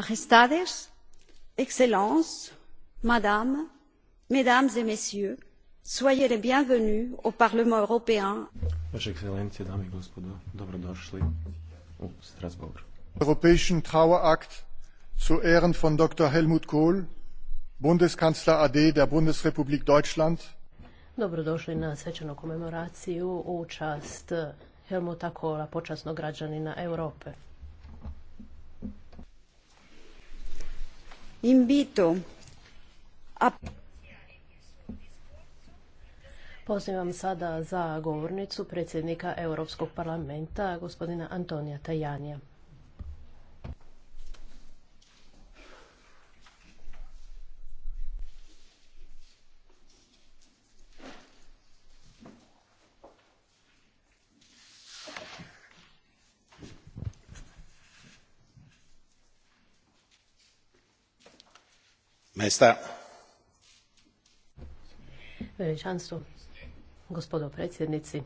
Majestades, Excellences, Madame, Mesdames et Messieurs, soyez les bienvenus au Parlement européen. Vaše ekscelencije, dame i gospodo, dobrodošli u Strasbourg. Europäischen Trauerakt zu Ehren von Dr. Helmut Kohl, Bundeskanzler AD der Bundesrepublik Deutschland. Dobrodošli na svečanu komemoraciju u čast Helmuta Kohla, počasnog građanina Europe. invito a Pozivam sada za govornicu predsjednika Europskog parlamenta, gospodina Antonija Tajanija. Veličanstvo, gospodo predsjednici,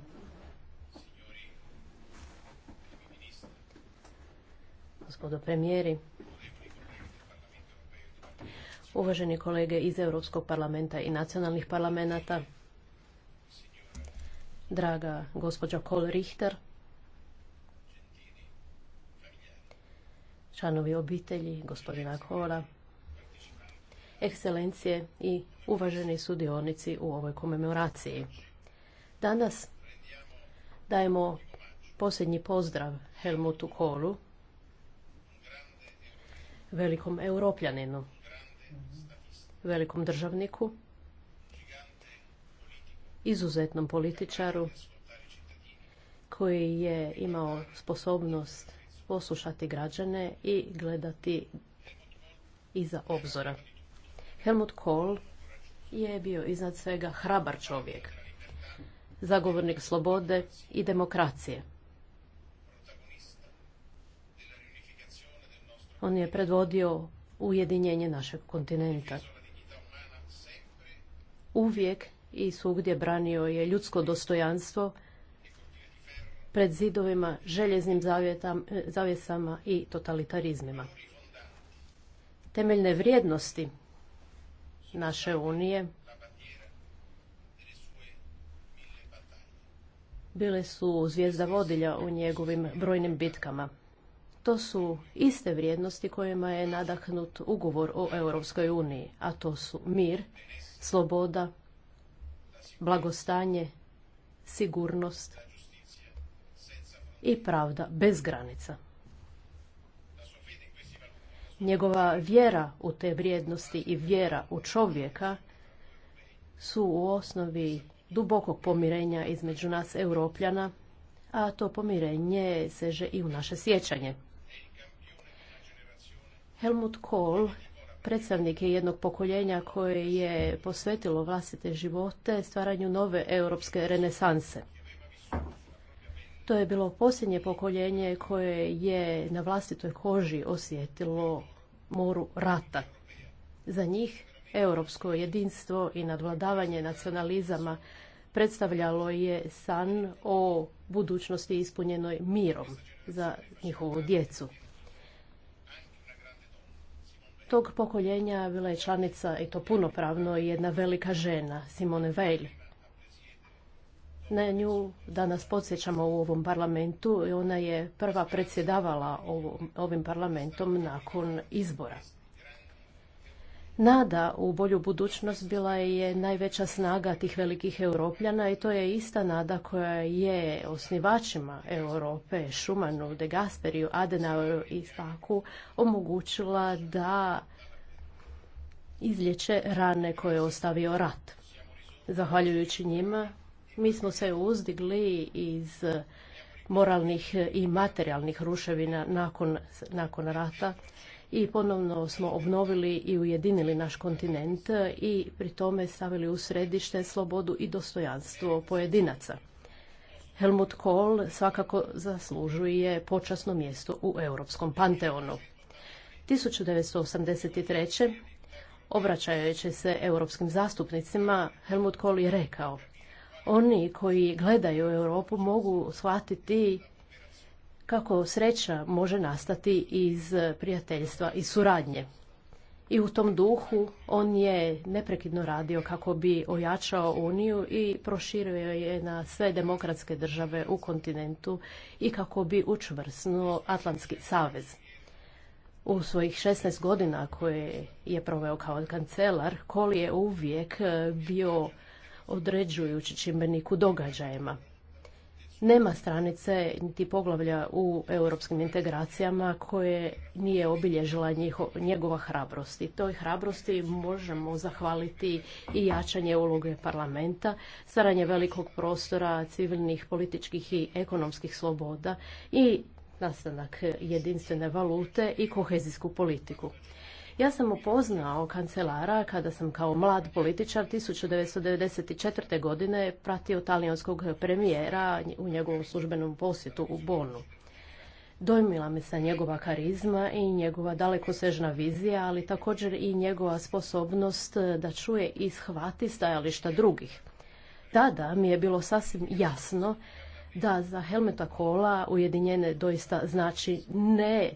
gospodo premijeri, uvaženi kolege iz Europskog parlamenta i nacionalnih parlamenta, draga gospođa Kol Richter, članovi obitelji, gospodina Kola, ekscelencije i uvaženi sudionici u ovoj komemoraciji. Danas dajemo posljednji pozdrav Helmutu Kolu, velikom europljaninu, velikom državniku, izuzetnom političaru koji je imao sposobnost poslušati građane i gledati iza obzora. Helmut Kohl je bio iznad svega hrabar čovjek, zagovornik slobode i demokracije. On je predvodio ujedinjenje našeg kontinenta. Uvijek i svugdje branio je ljudsko dostojanstvo pred zidovima, željeznim zavjesama i totalitarizmima. Temeljne vrijednosti naše unije bile su zvijezda vodilja u njegovim brojnim bitkama. To su iste vrijednosti kojima je nadahnut ugovor o Europskoj uniji, a to su mir, sloboda, blagostanje, sigurnost i pravda bez granica. Njegova vjera u te vrijednosti i vjera u čovjeka su u osnovi dubokog pomirenja između nas europljana, a to pomirenje seže i u naše sjećanje. Helmut Kohl, predstavnik je jednog pokoljenja koje je posvetilo vlastite živote stvaranju nove europske renesanse. To je bilo posljednje pokoljenje koje je na vlastitoj koži osjetilo moru rata. Za njih europsko jedinstvo i nadvladavanje nacionalizama predstavljalo je san o budućnosti ispunjenoj mirom za njihovu djecu. Tog pokoljenja bila je članica, i to punopravno, jedna velika žena, Simone Weil. Na nju danas podsjećamo u ovom parlamentu i ona je prva predsjedavala ovim parlamentom nakon izbora. Nada u bolju budućnost bila je najveća snaga tih velikih europljana i to je ista nada koja je osnivačima Europe, Šumanu, De Gasperiju, Adenaueru i Staku omogućila da izlječe rane koje je ostavio rat. Zahvaljujući njima mi smo se uzdigli iz moralnih i materijalnih ruševina nakon, nakon rata i ponovno smo obnovili i ujedinili naš kontinent i pri tome stavili u središte slobodu i dostojanstvo pojedinaca. Helmut Kohl svakako zaslužuje počasno mjesto u europskom panteonu. 1983. obraćajući se europskim zastupnicima, Helmut Kohl je rekao – oni koji gledaju Europu mogu shvatiti kako sreća može nastati iz prijateljstva i suradnje. I u tom duhu on je neprekidno radio kako bi ojačao Uniju i proširio je na sve demokratske države u kontinentu i kako bi učvrsnuo Atlantski savez. U svojih 16 godina koje je proveo kao kancelar, Kol je uvijek bio određujući čimbenik u događajima. Nema stranice niti poglavlja u europskim integracijama koje nije obilježila njiho, njegova hrabrost. I toj hrabrosti možemo zahvaliti i jačanje uloge parlamenta, stvaranje velikog prostora civilnih, političkih i ekonomskih sloboda i nastanak jedinstvene valute i kohezijsku politiku. Ja sam upoznao kancelara kada sam kao mlad političar 1994. godine pratio talijanskog premijera u njegovom službenom posjetu u Bonu. Dojmila me sa njegova karizma i njegova dalekosežna vizija, ali također i njegova sposobnost da čuje i shvati stajališta drugih. Tada mi je bilo sasvim jasno da za Helmeta Kola Ujedinjene doista znači ne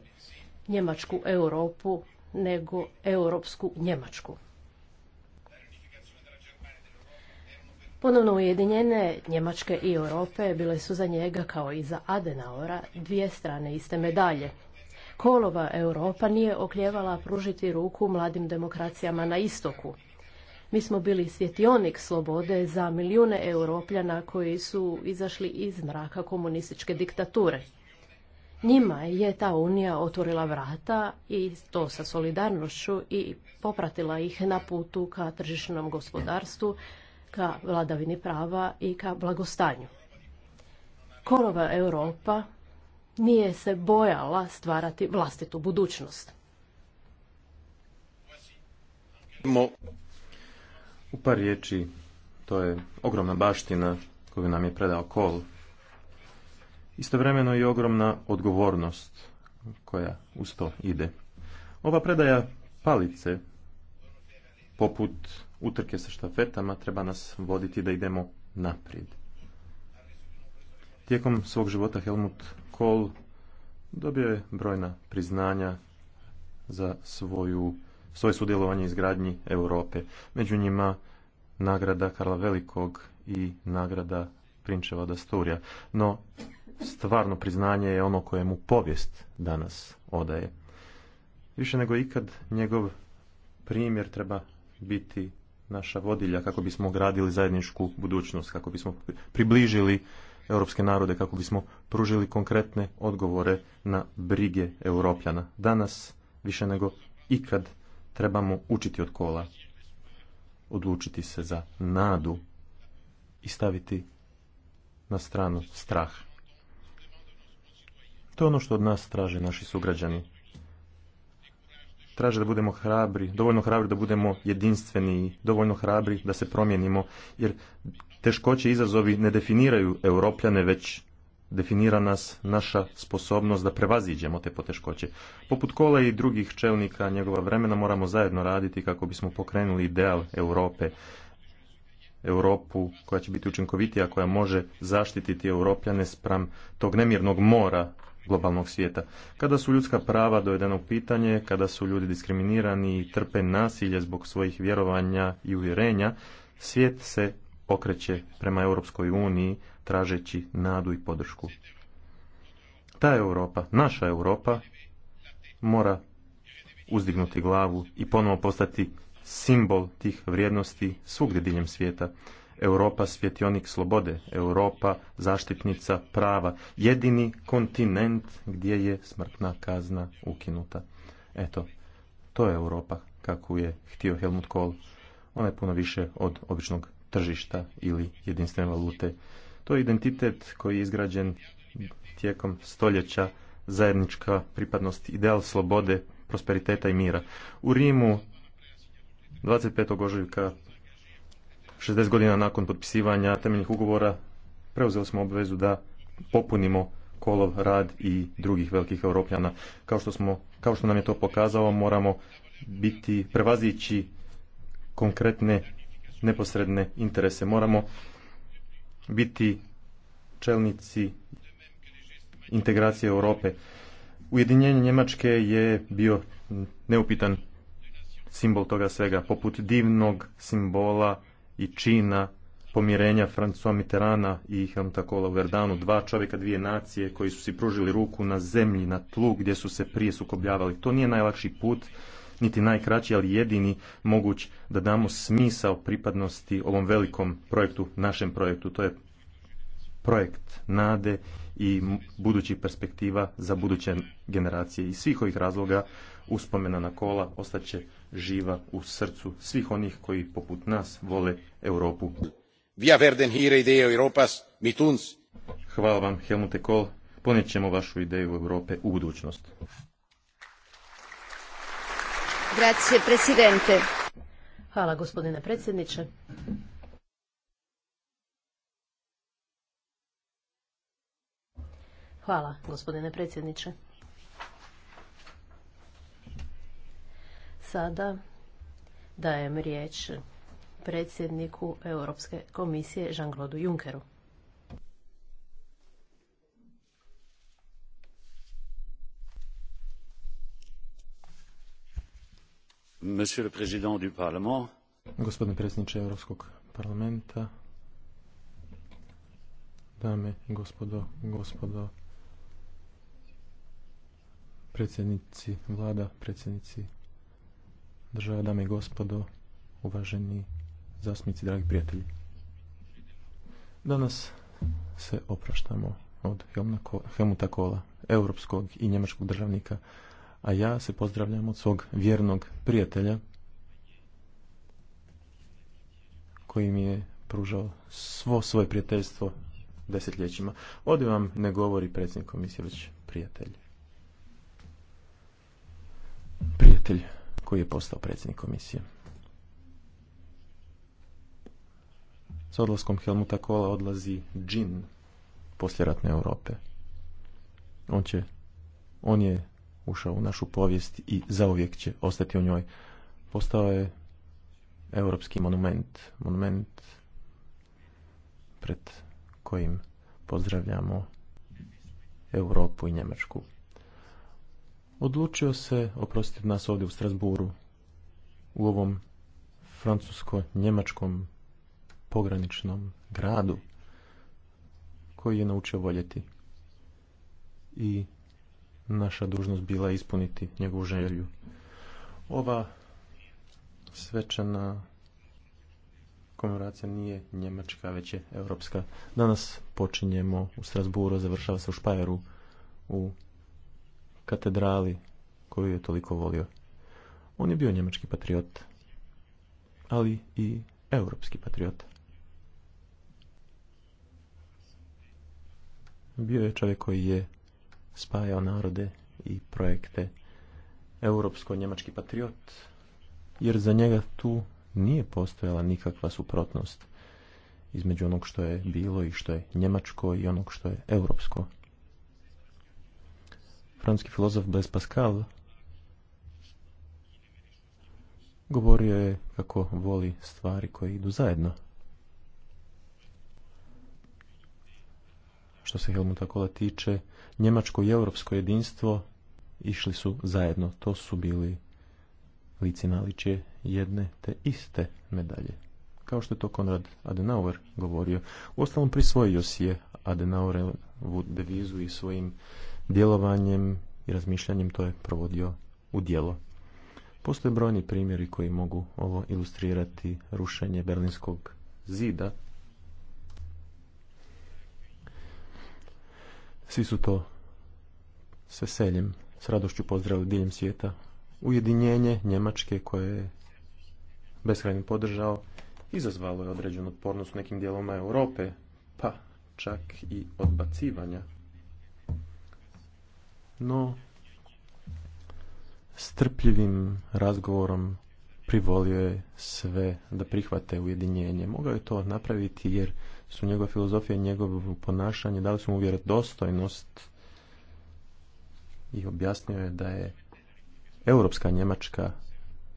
Njemačku Europu, nego europsku Njemačku. Ponovno ujedinjene Njemačke i Europe bile su za njega kao i za Adenaora dvije strane iste medalje. Kolova Europa nije okljevala pružiti ruku mladim demokracijama na istoku. Mi smo bili svjetionik slobode za milijune europljana koji su izašli iz mraka komunističke diktature. Njima je ta unija otvorila vrata i to sa solidarnošću i popratila ih na putu ka tržišnom gospodarstvu, ka vladavini prava i ka blagostanju. Korova Europa nije se bojala stvarati vlastitu budućnost. U par riječi, to je ogromna baština koju nam je predao Kol istovremeno i ogromna odgovornost koja uz to ide. Ova predaja palice, poput utrke sa štafetama, treba nas voditi da idemo naprijed. Tijekom svog života Helmut Kohl dobio je brojna priznanja za svoju, svoje sudjelovanje izgradnji Europe. Među njima nagrada Karla Velikog i nagrada prinčeva da no stvarno priznanje je ono koje mu povijest danas odaje. Više nego ikad njegov primjer treba biti naša vodilja kako bismo gradili zajedničku budućnost, kako bismo približili europske narode, kako bismo pružili konkretne odgovore na brige europljana. Danas više nego ikad trebamo učiti od kola, odlučiti se za nadu i staviti na stranu strah. To je ono što od nas traže naši sugrađani. Traže da budemo hrabri, dovoljno hrabri da budemo jedinstveni, dovoljno hrabri da se promijenimo, jer teškoće i izazovi ne definiraju europljane, već definira nas naša sposobnost da prevaziđemo te poteškoće. Poput kola i drugih čelnika njegova vremena moramo zajedno raditi kako bismo pokrenuli ideal Europe. Europu koja će biti učinkovitija, koja može zaštititi europljane spram tog nemirnog mora globalnog svijeta. Kada su ljudska prava dovedena u pitanje, kada su ljudi diskriminirani i trpe nasilje zbog svojih vjerovanja i uvjerenja, svijet se okreće prema Europskoj uniji tražeći nadu i podršku. Ta Europa, naša Europa, mora uzdignuti glavu i ponovo postati simbol tih vrijednosti svugdje diljem svijeta. Europa svjetionik slobode, Europa zaštitnica prava, jedini kontinent gdje je smrtna kazna ukinuta. Eto, to je Europa kako je htio Helmut Kohl. Ona je puno više od običnog tržišta ili jedinstvene valute. To je identitet koji je izgrađen tijekom stoljeća zajednička pripadnost, ideal slobode, prosperiteta i mira. U Rimu 25. ožujka, 60 godina nakon potpisivanja temeljnih ugovora, preuzeli smo obvezu da popunimo kolov rad i drugih velikih europljana. Kao što, smo, kao što nam je to pokazao, moramo biti prevazići konkretne neposredne interese. Moramo biti čelnici integracije Europe. Ujedinjenje Njemačke je bio neupitan simbol toga svega, poput divnog simbola i čina pomirenja François Mitterana i Helmuta Kola u Verdanu, dva čovjeka, dvije nacije koji su si pružili ruku na zemlji, na tlu gdje su se prije sukobljavali. To nije najlakši put, niti najkraći, ali jedini moguć da damo smisao pripadnosti ovom velikom projektu, našem projektu. To je projekt nade i budućih perspektiva za buduće generacije. Iz svih ovih razloga uspomena na kola ostaće živa u srcu svih onih koji poput nas vole Europu. Via verden hire ideje Europas, mituns. Hvala vam, Helmute Kohl. Ponijet vašu ideju Europe u budućnost. Grazie, presidente. Hvala, gospodine predsjedniče. Hvala, gospodine predsjedniče. Sada dajem riječ predsjedniku Europske komisije Jean-Claude Junckeru. Monsieur le président du Parlement. Gospodine predsjedniče Europskog parlamenta, dame i gospodo, gospodo predsjednici vlada, predsjednici država, dame i gospodo, uvaženi zastupnici, dragi prijatelji. Danas se opraštamo od Helmuta Kola, europskog i njemačkog državnika, a ja se pozdravljam od svog vjernog prijatelja koji mi je pružao svo svoje prijateljstvo desetljećima. Ovdje vam ne govori predsjednik komisije, već prijatelj. Prijatelj koji je postao predsjednik komisije. Sa odlaskom Helmuta Kola odlazi džin posljeratne Europe. On, će, on je ušao u našu povijest i zauvijek će ostati u njoj. Postao je europski monument, monument pred kojim pozdravljamo Europu i Njemačku odlučio se oprostiti nas ovdje u Strasburu u ovom francusko-njemačkom pograničnom gradu koji je naučio voljeti i naša dužnost bila ispuniti njegovu želju. Ova svečana komemoracija nije njemačka, već je europska. Danas počinjemo u Strasburu, završava se u Špajeru u katedrali koju je toliko volio. On je bio njemački patriot, ali i europski patriot. Bio je čovjek koji je spajao narode i projekte europsko-njemački patriot, jer za njega tu nije postojala nikakva suprotnost između onog što je bilo i što je njemačko i onog što je europsko francuski filozof Blaise Pascal govorio je kako voli stvari koje idu zajedno. Što se Helmuta Kola tiče, njemačko i europsko jedinstvo išli su zajedno. To su bili lici naličje jedne te iste medalje. Kao što je to Konrad Adenauer govorio. Uostalom prisvojio si je u devizu i svojim djelovanjem i razmišljanjem to je provodio u djelo. Postoje brojni primjeri koji mogu ovo ilustrirati rušenje Berlinskog zida. Svi su to s veseljem, s radošću pozdravili diljem svijeta. Ujedinjenje Njemačke koje je beskrajno podržao izazvalo je određenu otpornost u nekim dijelovima Europe, pa čak i odbacivanja no strpljivim razgovorom privolio je sve da prihvate ujedinjenje. Mogao je to napraviti jer su njegova filozofija i njegovo ponašanje dali su mu vjerodostojnost i objasnio je da je europska Njemačka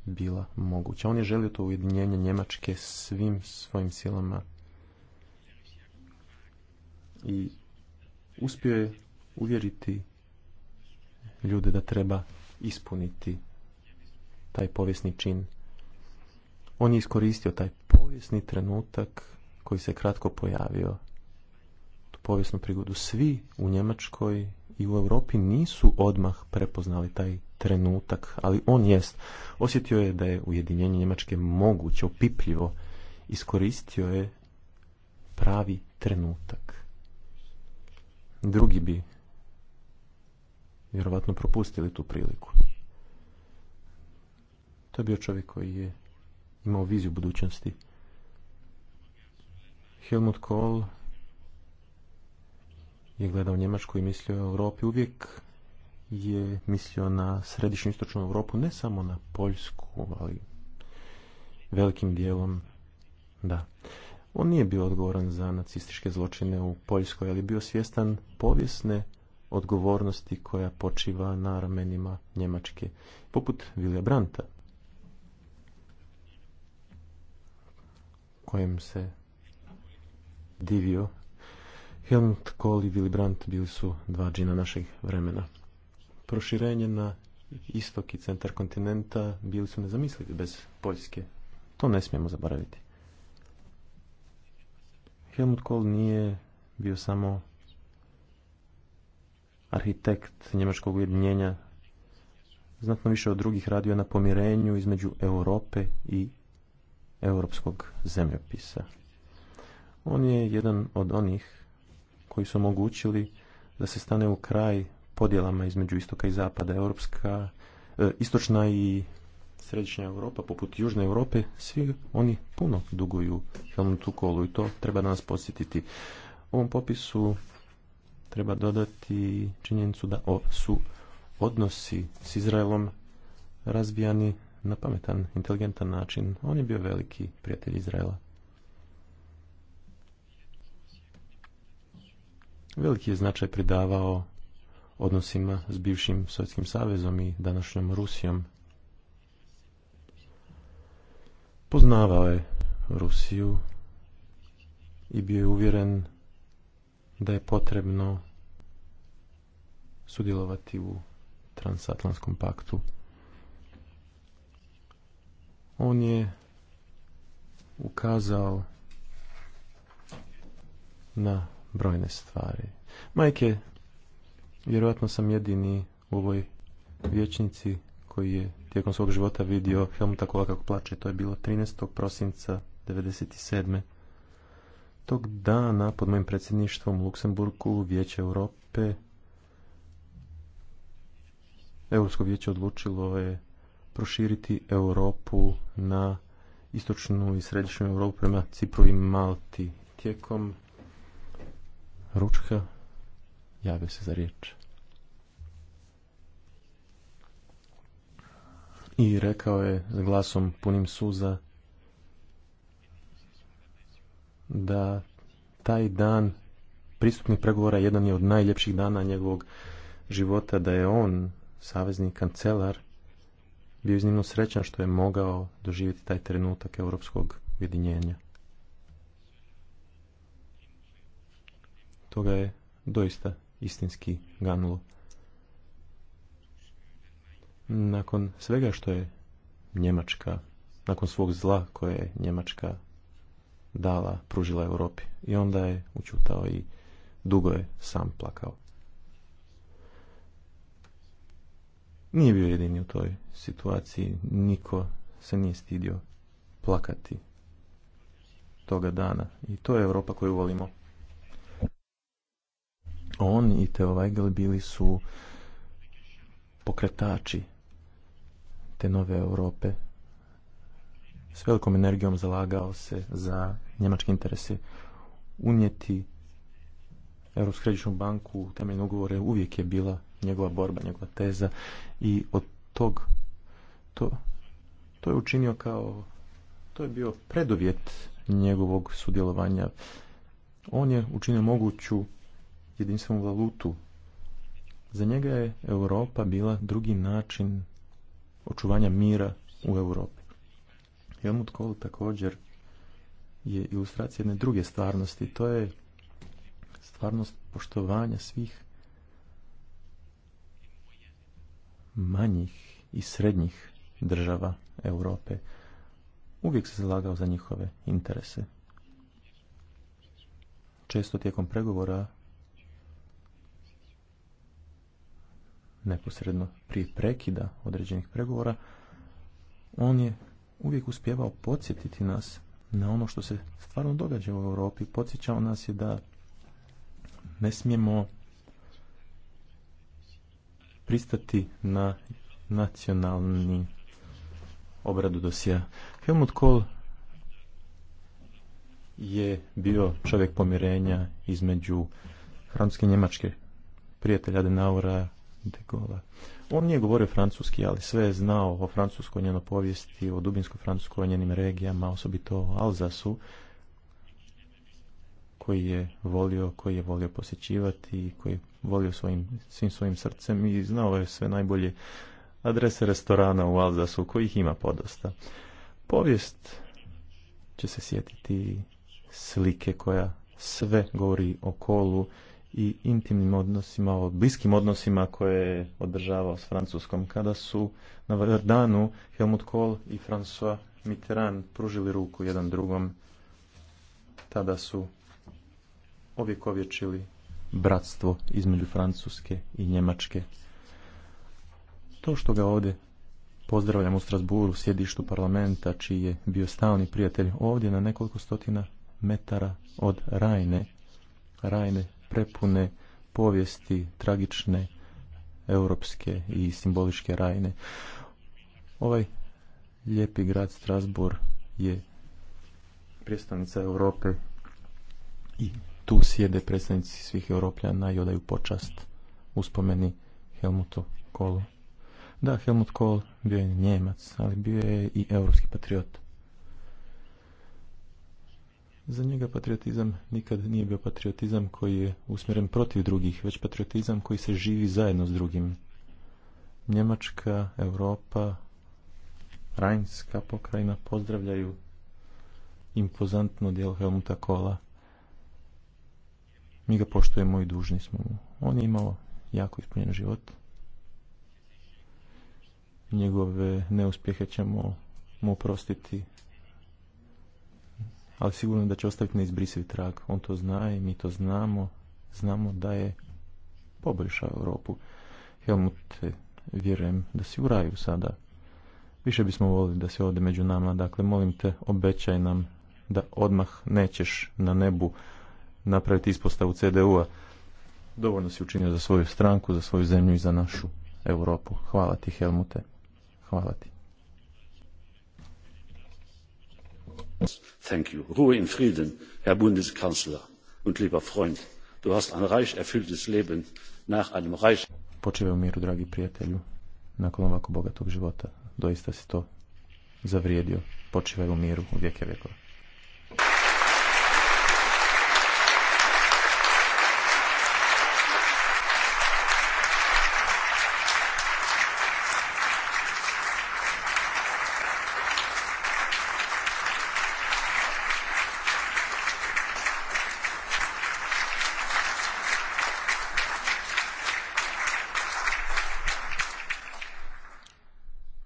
bila moguća. On je želio to ujedinjenje Njemačke svim svojim silama i uspio je uvjeriti ljude da treba ispuniti taj povijesni čin. On je iskoristio taj povijesni trenutak koji se kratko pojavio, tu povijesnu prigodu. Svi u Njemačkoj i u Europi nisu odmah prepoznali taj trenutak, ali on jest. Osjetio je da je ujedinjenje Njemačke moguće, opipljivo. Iskoristio je pravi trenutak. Drugi bi vjerovatno propustili tu priliku. To je bio čovjek koji je imao viziju budućnosti. Helmut Kohl je gledao Njemačku i mislio o Europi. Uvijek je mislio na središnju istočnu Europu, ne samo na Poljsku, ali velikim dijelom da. On nije bio odgovoran za nacističke zločine u Poljskoj, ali je bio svjestan povijesne odgovornosti koja počiva na ramenima Njemačke, poput Vilja Branta, kojem se divio. Helmut Kohl i Willy Brandt bili su dva džina našeg vremena. Proširenje na istok i centar kontinenta bili su nezamislivi bez Poljske. To ne smijemo zaboraviti. Helmut Kohl nije bio samo arhitekt njemačkog ujedinjenja, znatno više od drugih radio na pomirenju između Europe i europskog zemljopisa. On je jedan od onih koji su omogućili da se stane u kraj podjelama između istoka i zapada. Europska, e, istočna i središnja Europa, poput južne Europe, svi oni puno duguju Helmutu Kolu i to treba nas posjetiti. U ovom popisu treba dodati činjenicu da su odnosi s Izraelom razvijani na pametan, inteligentan način. On je bio veliki prijatelj Izraela. Veliki je značaj pridavao odnosima s bivšim Sovjetskim savezom i današnjom Rusijom. Poznavao je Rusiju i bio je uvjeren da je potrebno sudjelovati u transatlantskom paktu. On je ukazao na brojne stvari. Majke, vjerojatno sam jedini u ovoj vječnici koji je tijekom svog života vidio Helmuta Kola kako plače. To je bilo 13. prosinca 1997 tog dana pod mojim predsjedništvom u Luksemburgu Vijeće Europe Europsko vijeće odlučilo je proširiti Europu na istočnu i središnju Europu prema Cipru i Malti. Tijekom ručka javio se za riječ. I rekao je glasom punim suza da taj dan pristupnih pregovora jedan je od najljepših dana njegovog života, da je on, savezni kancelar, bio iznimno srećan što je mogao doživjeti taj trenutak europskog ujedinjenja. Toga je doista istinski ganulo. Nakon svega što je Njemačka, nakon svog zla koje je Njemačka dala, pružila Europi. I onda je učutao i dugo je sam plakao. Nije bio jedini u toj situaciji, niko se nije stidio plakati toga dana. I to je Europa koju volimo. On i te Weigel bili su pokretači te nove Europe s velikom energijom zalagao se za njemačke interese unijeti Europsku središnju banku temeljne ugovore uvijek je bila njegova borba, njegova teza i od tog to, to je učinio kao to je bio predovjet njegovog sudjelovanja. On je učinio moguću jedinstvenu valutu. Za njega je Europa bila drugi način očuvanja mira u Europi. Helmut Kohl također je ilustracija jedne druge stvarnosti. To je stvarnost poštovanja svih manjih i srednjih država Europe. Uvijek se zalagao za njihove interese. Često tijekom pregovora neposredno prije prekida određenih pregovora on je uvijek uspjevao podsjetiti nas na ono što se stvarno događa u Europi. Podsjećao nas je da ne smijemo pristati na nacionalni obradu dosija. Helmut Kohl je bio čovjek pomirenja između hrvatske Njemačke, prijatelja Denaura de On nije govorio francuski, ali sve je znao o francuskoj njenoj povijesti, o dubinskoj francuskoj njenim regijama, osobito o Alzasu, koji je volio, koji je volio posjećivati i koji je volio svojim, svim svojim srcem i znao je sve najbolje adrese restorana u Alzasu, kojih ima podosta. Povijest će se sjetiti slike koja sve govori o kolu, i intimnim odnosima, o bliskim odnosima koje je održavao s Francuskom, kada su na Verdanu Helmut Kohl i François Mitterrand pružili ruku jedan drugom, tada su ovjekovječili bratstvo između Francuske i Njemačke. To što ga ovdje pozdravljam u Strasburu, sjedištu parlamenta, čiji je bio stalni prijatelj ovdje na nekoliko stotina metara od Rajne, Rajne prepune povijesti tragične europske i simboličke rajne. Ovaj lijepi grad Strasbourg je predstavnica Europe i tu sjede predstavnici svih Europljana i odaju počast uspomeni Helmutu Kolu. Da, Helmut Kohl bio je Njemac, ali bio je i europski patriot. Za njega patriotizam nikad nije bio patriotizam koji je usmjeren protiv drugih, već patriotizam koji se živi zajedno s drugim. Njemačka, Europa, Rajnska pokrajina pozdravljaju impozantno djelo Helmuta Kola. Mi ga poštujemo i dužni smo mu. On je imao jako ispunjen život. Njegove neuspjehe ćemo mu oprostiti ali sigurno da će ostaviti neizbrisiv trag. On to zna i mi to znamo. Znamo da je poboljšao Europu. Helmut, e, vjerujem da si u raju sada. Više bismo volili da se ovdje među nama. Dakle, molim te, obećaj nam da odmah nećeš na nebu napraviti ispostavu CDU-a. Dovoljno si učinio za svoju stranku, za svoju zemlju i za našu Europu. Hvala ti, Helmute. Hvala ti. Thank you. Ruhe in Frieden, Herr Bundeskanzler und lieber Freund. Du hast ein reich erfülltes Leben nach einem reich... Počivaj u miru, dragi prijatelju, nakon ovako bogatog života. Doista si to zavrijedio. Počivaj u miru, u vijeke vjekova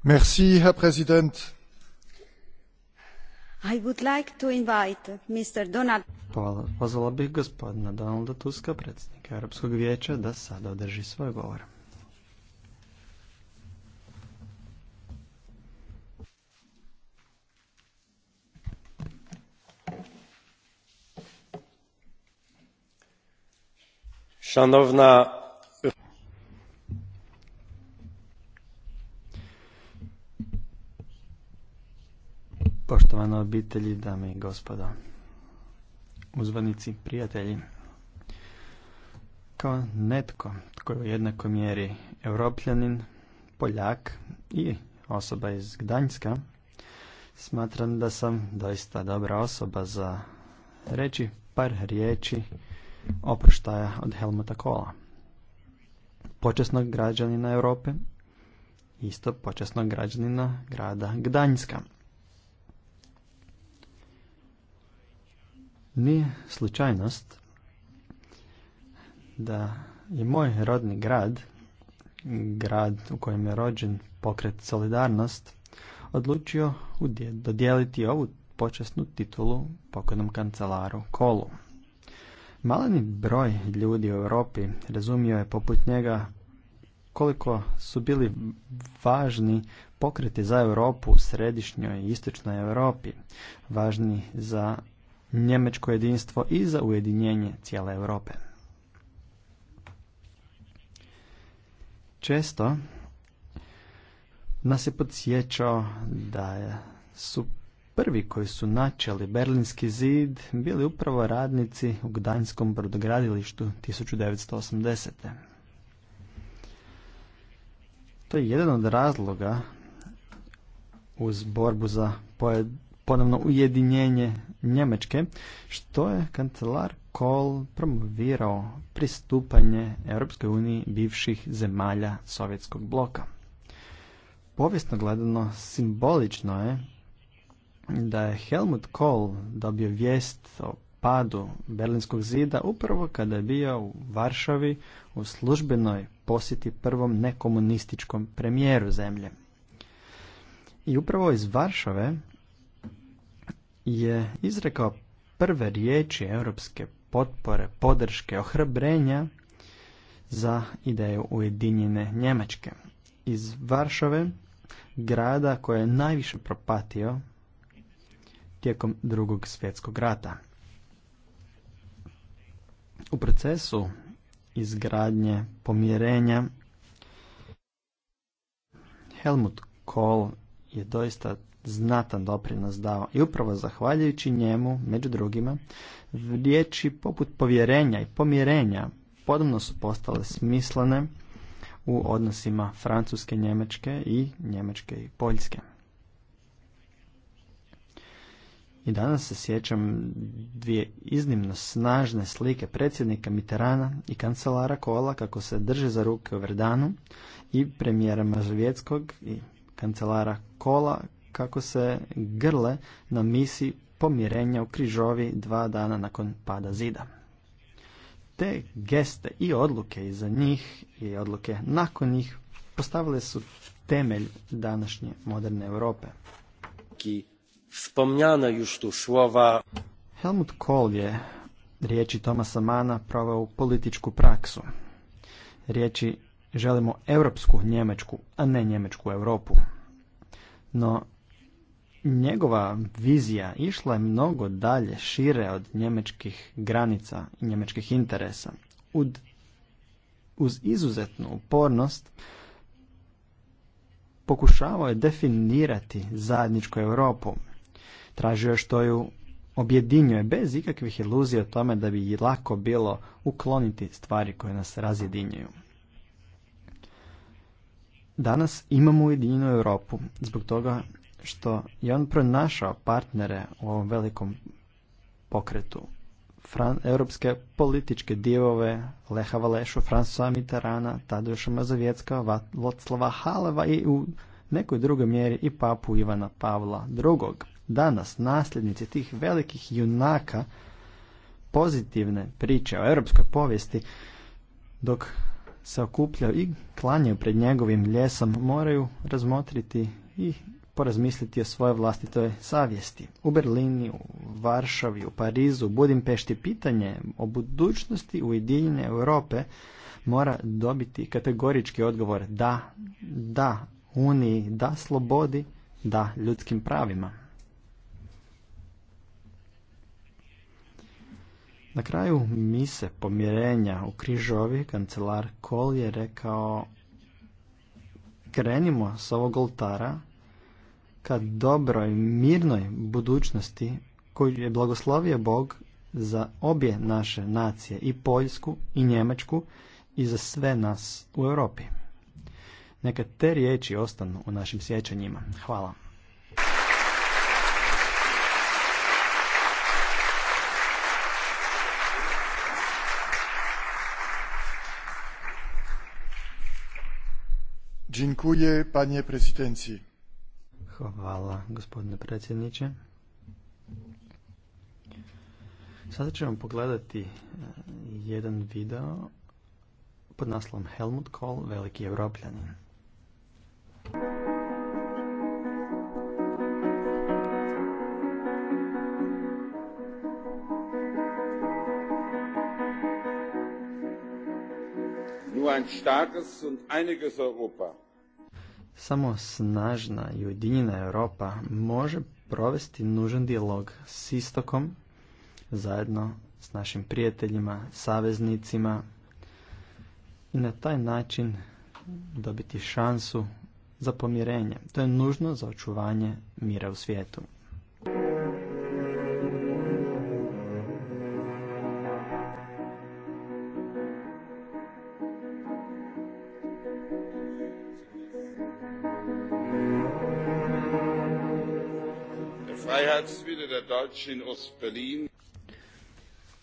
Merci, Herr Präsident. I would like to Donald... Pa, pozvala bih gospodina Donalda Tuska, predsjednika Europskog vijeća, da sada održi svoj govor. šanovna Poštovane obitelji, dame i gospodo, uzvanici, prijatelji, kao netko tko je u jednakoj mjeri europljanin, poljak i osoba iz Gdanjska, smatram da sam doista dobra osoba za reći par riječi oproštaja od Helmuta Kola. počesnog građanina Europe, isto počesnog građanina grada Gdanjska. Nije slučajnost da je moj rodni grad, grad u kojem je rođen pokret Solidarnost, odlučio dodijeliti ovu počasnu titulu pokojnom kancelaru Kolu. Maleni broj ljudi u Europi razumio je poput njega koliko su bili važni pokreti za Europu u središnjoj i istočnoj Europi, važni za njemečko jedinstvo i za ujedinjenje cijele Europe. Često nas je podsjećao da su prvi koji su načeli Berlinski zid bili upravo radnici u Gdanskom brodogradilištu 1980. To je jedan od razloga uz borbu za ponovno ujedinjenje Njemačke, što je kancelar Kohl promovirao pristupanje Europske uniji bivših zemalja sovjetskog bloka. Povijesno gledano simbolično je da je Helmut Kohl dobio vijest o padu Berlinskog zida upravo kada je bio u Varšavi u službenoj posjeti prvom nekomunističkom premijeru zemlje. I upravo iz Varšave je izrekao prve riječi europske potpore, podrške, ohrabrenja za ideju Ujedinjene Njemačke. Iz Varšave, grada koje je najviše propatio tijekom drugog svjetskog rata. U procesu izgradnje pomjerenja Helmut Kohl je doista znatan doprinos dao i upravo zahvaljujući njemu, među drugima, riječi poput povjerenja i pomirenja podobno su postale smislene u odnosima Francuske, Njemačke i Njemačke i Poljske. I danas se sjećam dvije iznimno snažne slike predsjednika Mitterana i kancelara Kola kako se drže za ruke u Verdanu i premijera Mazovjetskog i kancelara Kola kako se grle na misi pomirenja u križovi dva dana nakon pada zida. Te geste i odluke iza njih i odluke nakon njih postavile su temelj današnje moderne Europe. Ki slova... Helmut Kohl je riječi Tomasa Mana proveo u političku praksu. Riječi želimo europsku Njemačku, a ne Njemačku Europu. No, njegova vizija išla je mnogo dalje, šire od njemečkih granica i njemečkih interesa. Ud, uz izuzetnu upornost pokušavao je definirati zajedničku Europu. Tražio je što ju objedinjuje bez ikakvih iluzija o tome da bi lako bilo ukloniti stvari koje nas razjedinjuju. Danas imamo ujedinjenu Europu, zbog toga što je on pronašao partnere u ovom velikom pokretu. europske političke divove Leha Valešu, François Mitterana, Tadeuša Mazovjecka, Vaclava Haleva i u nekoj drugoj mjeri i papu Ivana Pavla II. Danas nasljednici tih velikih junaka pozitivne priče o europskoj povijesti dok se okupljaju i klanjaju pred njegovim ljesom moraju razmotriti i porazmisliti o svojoj vlastitoj savjesti. U Berlini, u Varšavi, u Parizu, u Budimpešti pitanje o budućnosti Ujedinjene Europe mora dobiti kategorički odgovor da, da Uniji, da slobodi, da ljudskim pravima. Na kraju mise pomirenja u križovi kancelar Kol je rekao krenimo s ovog oltara ka dobroj, mirnoj budućnosti koju je blagoslovio Bog za obje naše nacije, i Poljsku i Njemačku, i za sve nas u Europi. Neka te riječi ostanu u našim sjećanjima. Hvala. Dziękuję panie prezydencji. Hvala gospodine predsjedniče. Sada ćemo pogledati e, jedan video pod naslovom Helmut Kohl, veliki evropljanin. Nur ein starkes und einiges Europa samo snažna i ujedinjena Europa može provesti nužan dijalog s istokom zajedno s našim prijateljima, saveznicima i na taj način dobiti šansu za pomirenje. To je nužno za očuvanje mira u svijetu.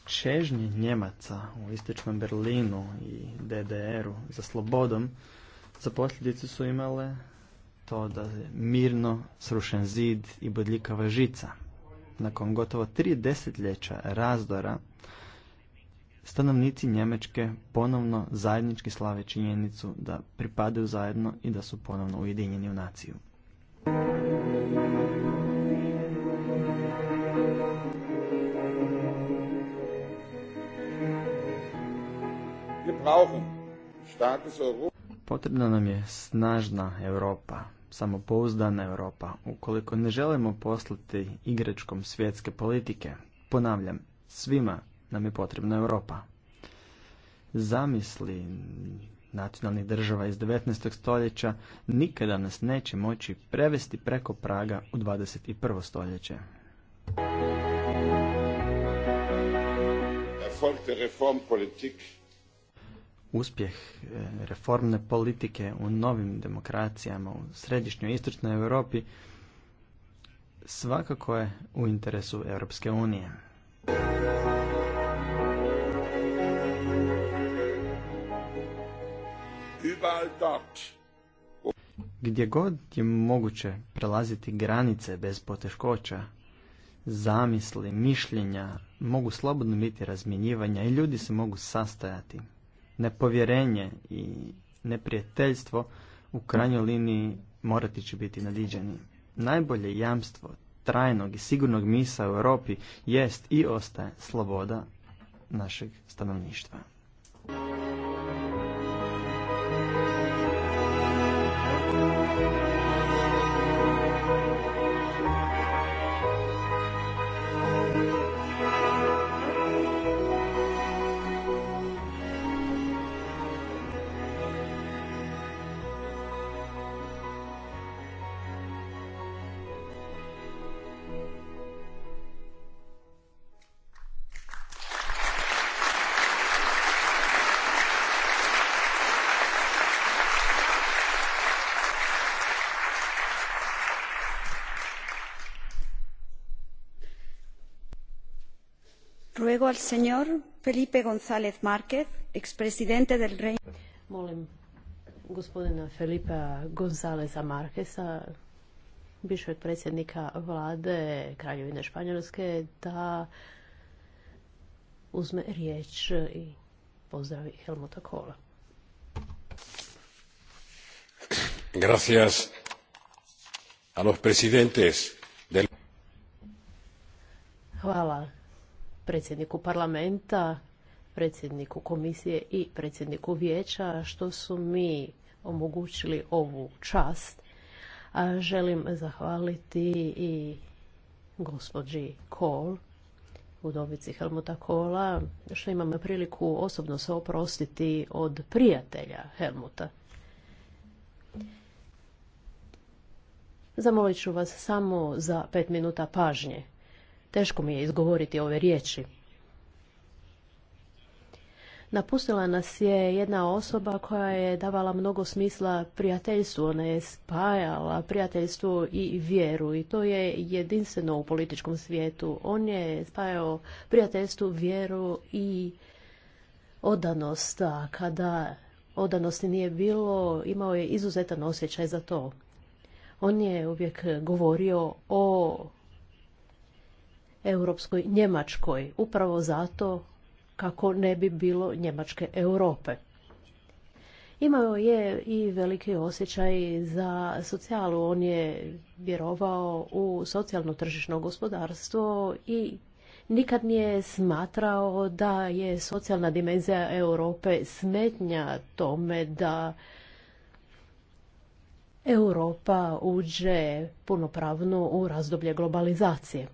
Čežnji Njemaca u istočnom Berlinu i DDR-u za slobodom za posljedicu su imale to da je mirno srušen zid i bodljikava žica. Nakon gotovo tri desetljeća razdora, stanovnici Njemačke ponovno zajednički slave činjenicu da pripadaju zajedno i da su ponovno ujedinjeni u naciju. Potrebna nam je snažna Europa, samopouzdana Europa, ukoliko ne želimo poslati igračkom svjetske politike. Ponavljam, svima nam je potrebna Europa. Zamisli nacionalnih država iz 19. stoljeća nikada nas neće moći prevesti preko praga u 21. stoljeće. Erfolgte reformpolitik uspjeh e, reformne politike u novim demokracijama u središnjoj i istočnoj Europi svakako je u interesu Europske unije. Gdje god je moguće prelaziti granice bez poteškoća, zamisli, mišljenja mogu slobodno biti razmjenjivanja i ljudi se mogu sastajati, nepovjerenje i neprijateljstvo u krajnjoj liniji morati će biti nadiđeni. Najbolje jamstvo trajnog i sigurnog misa u Europi jest i ostaje sloboda našeg stanovništva. al señor Felipe González Márquez, expresidente del Reino. Molim gospodina Felipe Gonzáleza Márquez, bivšeg predsjednika vlade Kraljevine Španjolske, da uzme riječ i pozdravi Helmuta Kola. Gracias a los presidentes del... Hvala predsjedniku parlamenta, predsjedniku komisije i predsjedniku vijeća što su mi omogućili ovu čast. A želim zahvaliti i gospođi Kohl, udovici Helmuta Kola, što imam priliku osobno se oprostiti od prijatelja Helmuta. Zamolit ću vas samo za pet minuta pažnje. Teško mi je izgovoriti ove riječi. Napustila nas je jedna osoba koja je davala mnogo smisla prijateljstvu, ona je spajala prijateljstvo i vjeru i to je jedinstveno u političkom svijetu. On je spajao prijateljstvu, vjeru i odanost, a kada odanosti nije bilo, imao je izuzetan osjećaj za to. On je uvijek govorio o europskoj Njemačkoj, upravo zato kako ne bi bilo Njemačke Europe. Imao je i veliki osjećaj za socijalu. On je vjerovao u socijalno tržišno gospodarstvo i nikad nije smatrao da je socijalna dimenzija Europe smetnja tome da Europa uđe punopravno u razdoblje globalizacije.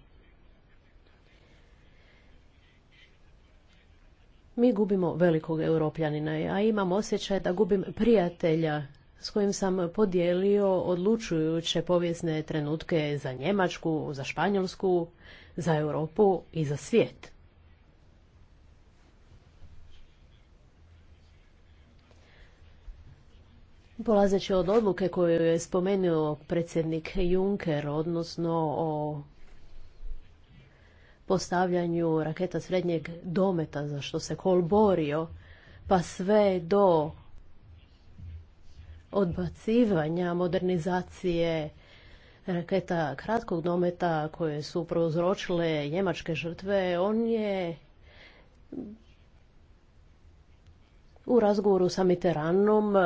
mi gubimo velikog europljanina. Ja imam osjećaj da gubim prijatelja s kojim sam podijelio odlučujuće povijesne trenutke za Njemačku, za Španjolsku, za Europu i za svijet. Polazeći od odluke koju je spomenuo predsjednik Juncker, odnosno o postavljanju raketa srednjeg dometa, za što se Kol borio, pa sve do odbacivanja modernizacije raketa kratkog dometa koje su prouzročile njemačke žrtve, on je u razgovoru sa Mitterrandom e,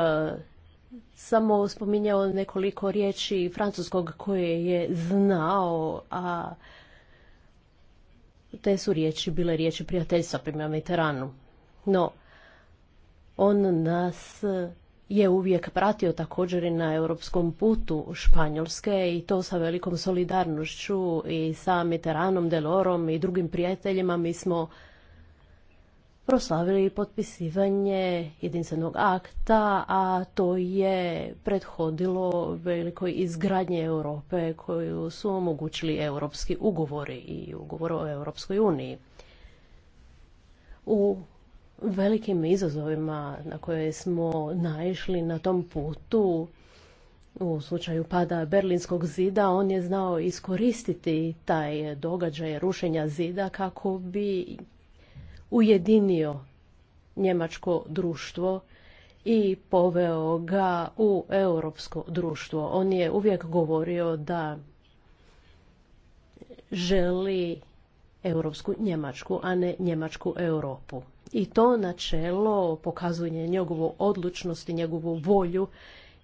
samo spominjao nekoliko riječi francuskog koje je znao, a te su riječi bile riječi prijateljstva prema Mediteranu. No, on nas je uvijek pratio također i na europskom putu Španjolske i to sa velikom solidarnošću i sa mediteranom Delorom i drugim prijateljima. Mi smo proslavili potpisivanje jedinstvenog akta, a to je prethodilo velikoj izgradnji Europe koju su omogućili europski ugovori i ugovor o Europskoj uniji. U velikim izazovima na koje smo naišli na tom putu, u slučaju pada Berlinskog zida, on je znao iskoristiti taj događaj rušenja zida kako bi ujedinio njemačko društvo i poveo ga u europsko društvo. On je uvijek govorio da želi europsku Njemačku, a ne Njemačku Europu. I to načelo pokazuje njegovu odlučnost i njegovu volju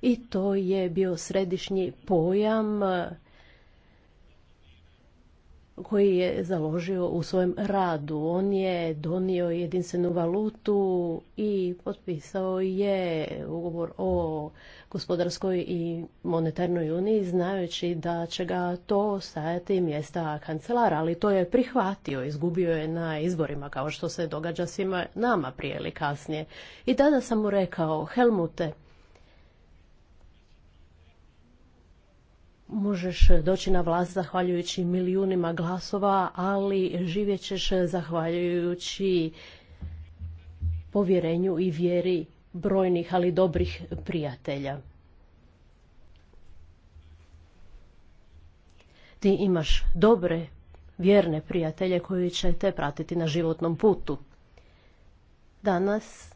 i to je bio središnji pojam koji je založio u svojem radu. On je donio jedinstvenu valutu i potpisao je ugovor o gospodarskoj i monetarnoj uniji znajući da će ga to stajati mjesta kancelara, ali to je prihvatio, izgubio je na izborima kao što se događa svima nama prije ili kasnije. I tada sam mu rekao, Helmute, možeš doći na vlast zahvaljujući milijunima glasova, ali živjet ćeš zahvaljujući povjerenju i vjeri brojnih, ali dobrih prijatelja. Ti imaš dobre, vjerne prijatelje koji će te pratiti na životnom putu. Danas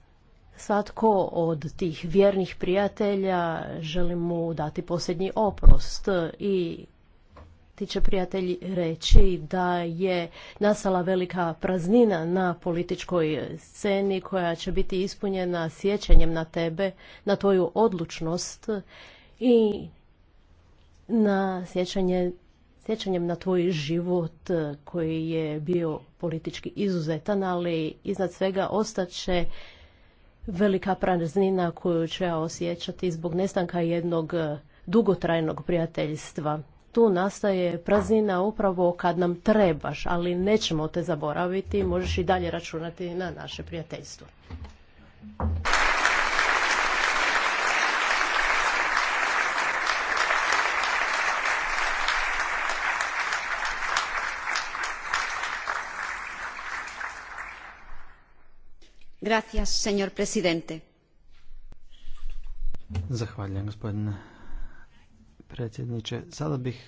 Svatko od tih vjernih prijatelja želi mu dati posljednji oprost i ti će prijatelji reći da je nastala velika praznina na političkoj sceni koja će biti ispunjena sjećanjem na tebe, na tvoju odlučnost i na sjećanje, sjećanjem na tvoj život koji je bio politički izuzetan, ali iznad svega ostaće velika praznina koju ja osjećati zbog nestanka jednog e, dugotrajnog prijateljstva. Tu nastaje praznina upravo kad nam trebaš, ali nećemo te zaboraviti, možeš i dalje računati na naše prijateljstvo. Gracias, señor presidente. Zahvaljujem, gospodine predsjedniče. Sada bih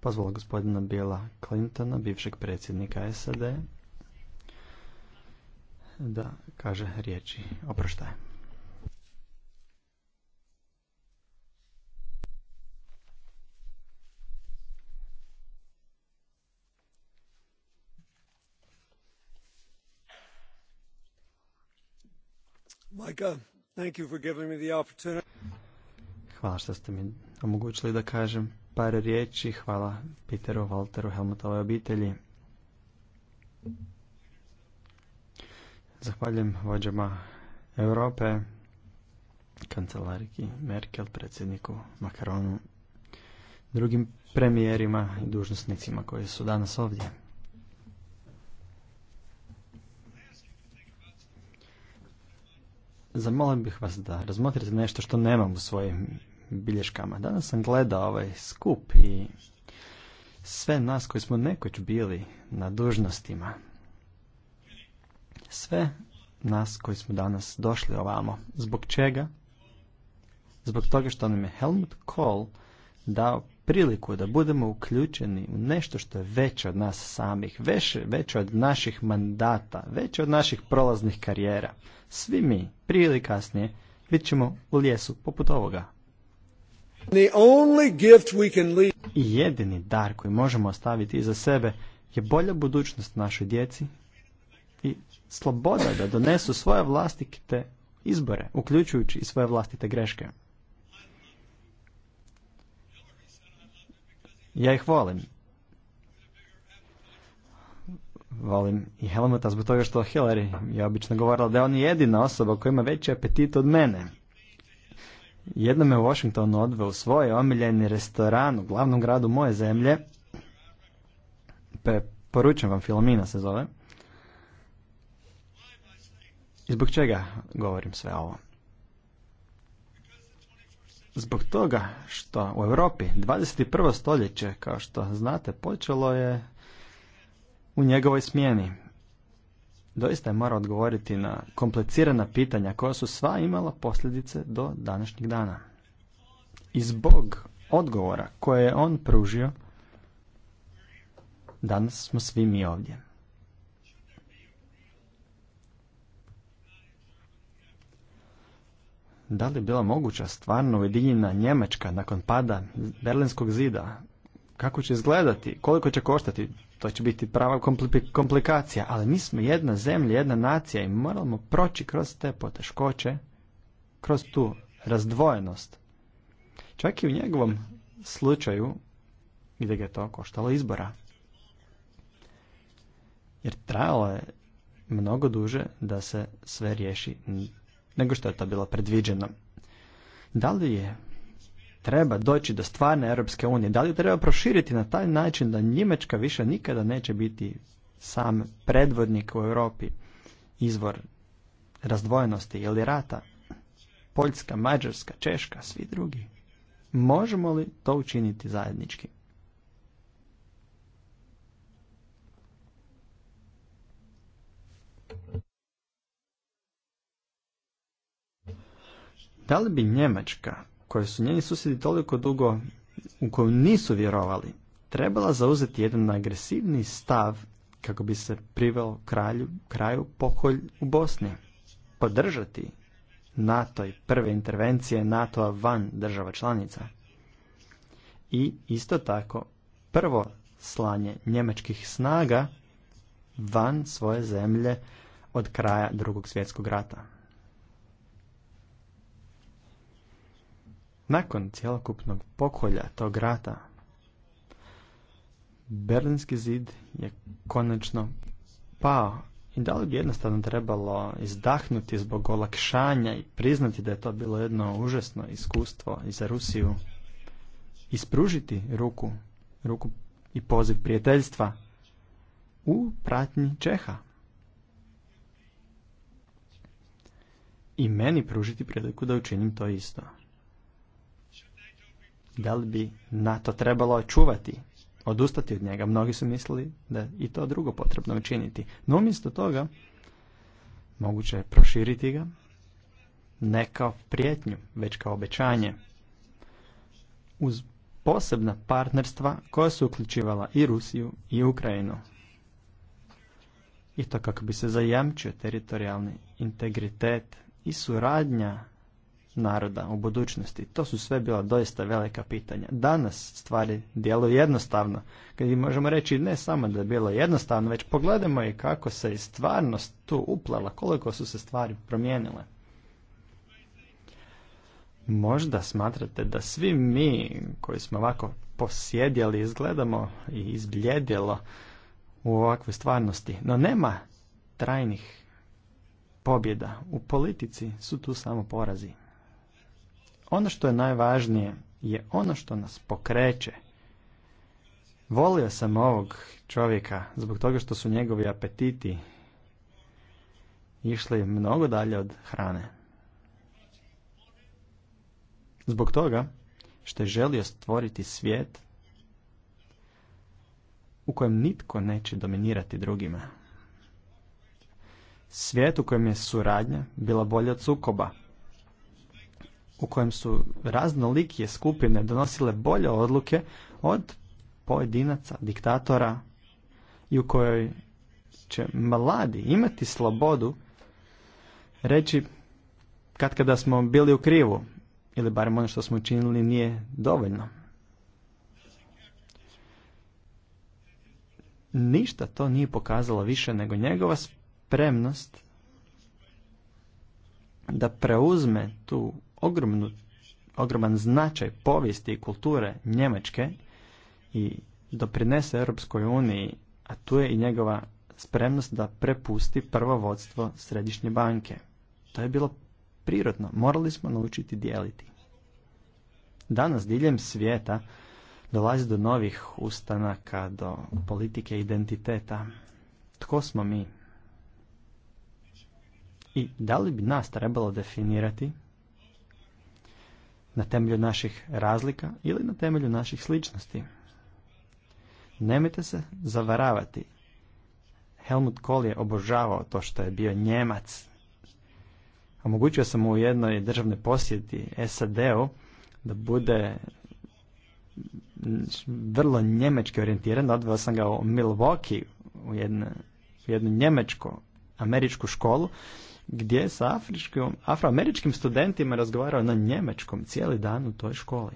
pozvala gospodina Bila Clintona, bivšeg predsjednika SAD, da kaže riječi. Oproštajem. Hvala što ste mi omogućili da kažem par riječi. Hvala Peteru, Walteru, Helmutovoj obitelji. Zahvaljujem vođama Europe, kancelariki Merkel, predsjedniku Macronu, drugim premijerima i dužnosnicima koji su danas ovdje. zamolim bih vas da razmotrite nešto što nemam u svojim bilješkama. Danas sam gledao ovaj skup i sve nas koji smo nekoć bili na dužnostima, sve nas koji smo danas došli ovamo. Zbog čega? Zbog toga što nam je Helmut Kohl dao priliku da budemo uključeni u nešto što je veće od nas samih, veće, od naših mandata, veće od naših prolaznih karijera. Svi mi, prije ili kasnije, bit ćemo u ljesu poput ovoga. I jedini dar koji možemo ostaviti iza sebe je bolja budućnost našoj djeci i sloboda da donesu svoje vlastite izbore, uključujući i svoje vlastite greške. Ja ih volim. Volim i Helmuta zbog toga što Hillary je obično govorila da je on jedina osoba koja ima veći apetit od mene. Jednom me u Washingtonu odveo u svoj omiljeni restoran u glavnom gradu moje zemlje. Pe, poručujem vam, Filomina se zove. I zbog čega govorim sve ovo? Zbog toga što u Europi 21. stoljeće, kao što znate, počelo je u njegovoj smjeni. Doista je morao odgovoriti na komplicirana pitanja koja su sva imala posljedice do današnjeg dana. I zbog odgovora koje je on pružio, danas smo svi mi ovdje. da li je bila moguća stvarno ujedinjena Njemačka nakon pada Berlinskog zida? Kako će izgledati? Koliko će koštati? To će biti prava komplikacija, ali mi smo jedna zemlja, jedna nacija i moramo proći kroz te poteškoće, kroz tu razdvojenost. Čak i u njegovom slučaju gdje ga je to koštalo izbora. Jer trajalo je mnogo duže da se sve riješi nego što je to bilo predviđeno. Da li je treba doći do stvarne Europske unije, da li treba proširiti na taj način da Njemačka više nikada neće biti sam predvodnik u Europi, izvor razdvojenosti ili rata, Poljska, Mađarska, Češka, svi drugi. Možemo li to učiniti zajednički? Da li bi Njemačka, koje su njeni susjedi toliko dugo u koju nisu vjerovali, trebala zauzeti jedan agresivni stav kako bi se priveo kralju, kraju pokolj u Bosni? Podržati NATO i prve intervencije NATO-a van država članica? I isto tako prvo slanje njemačkih snaga van svoje zemlje od kraja drugog svjetskog rata. Nakon cjelokupnog pokolja tog rata, Berlinski zid je konačno pao. I da li bi jednostavno trebalo izdahnuti zbog olakšanja i priznati da je to bilo jedno užasno iskustvo i za Rusiju? Ispružiti ruku, ruku i poziv prijateljstva u pratnji Čeha. I meni pružiti priliku da učinim to isto da li bi NATO trebalo čuvati, odustati od njega. Mnogi su mislili da je i to drugo potrebno učiniti. No umjesto toga, moguće je proširiti ga ne kao prijetnju, već kao obećanje. Uz posebna partnerstva koja su uključivala i Rusiju i Ukrajinu. I to kako bi se zajamčio teritorijalni integritet i suradnja naroda u budućnosti. To su sve bila doista velika pitanja. Danas stvari djeluju jednostavno. Kad možemo reći ne samo da je bilo jednostavno, već pogledajmo i kako se i stvarnost tu uplala, koliko su se stvari promijenile. Možda smatrate da svi mi koji smo ovako posjedjeli, izgledamo i izbljedjelo u ovakvoj stvarnosti, no nema trajnih pobjeda. U politici su tu samo porazi. Ono što je najvažnije je ono što nas pokreće. Volio sam ovog čovjeka zbog toga što su njegovi apetiti išli mnogo dalje od hrane. Zbog toga što je želio stvoriti svijet u kojem nitko neće dominirati drugima. Svijet u kojem je suradnja bila bolja od sukoba, u kojem su raznolikije skupine donosile bolje odluke od pojedinaca, diktatora i u kojoj će mladi imati slobodu reći kad kada smo bili u krivu ili barem ono što smo učinili nije dovoljno. Ništa to nije pokazalo više nego njegova spremnost da preuzme tu ogroman značaj povijesti i kulture Njemačke i doprinese Europskoj uniji, a tu je i njegova spremnost da prepusti prvo vodstvo središnje banke. To je bilo prirodno, morali smo naučiti dijeliti. Danas diljem svijeta dolazi do novih ustanaka, do politike identiteta. Tko smo mi? I da li bi nas trebalo definirati na temelju naših razlika ili na temelju naših sličnosti. Nemojte se zavaravati. Helmut Kohl je obožavao to što je bio Njemac. Omogućio sam mu u jednoj državnoj posjeti SAD-u da bude vrlo njemački orijentiran. Odveo sam ga u Milwaukee, u jednu, u jednu njemačku američku školu gdje sa afričkim, afroameričkim studentima razgovarao na njemečkom cijeli dan u toj školi.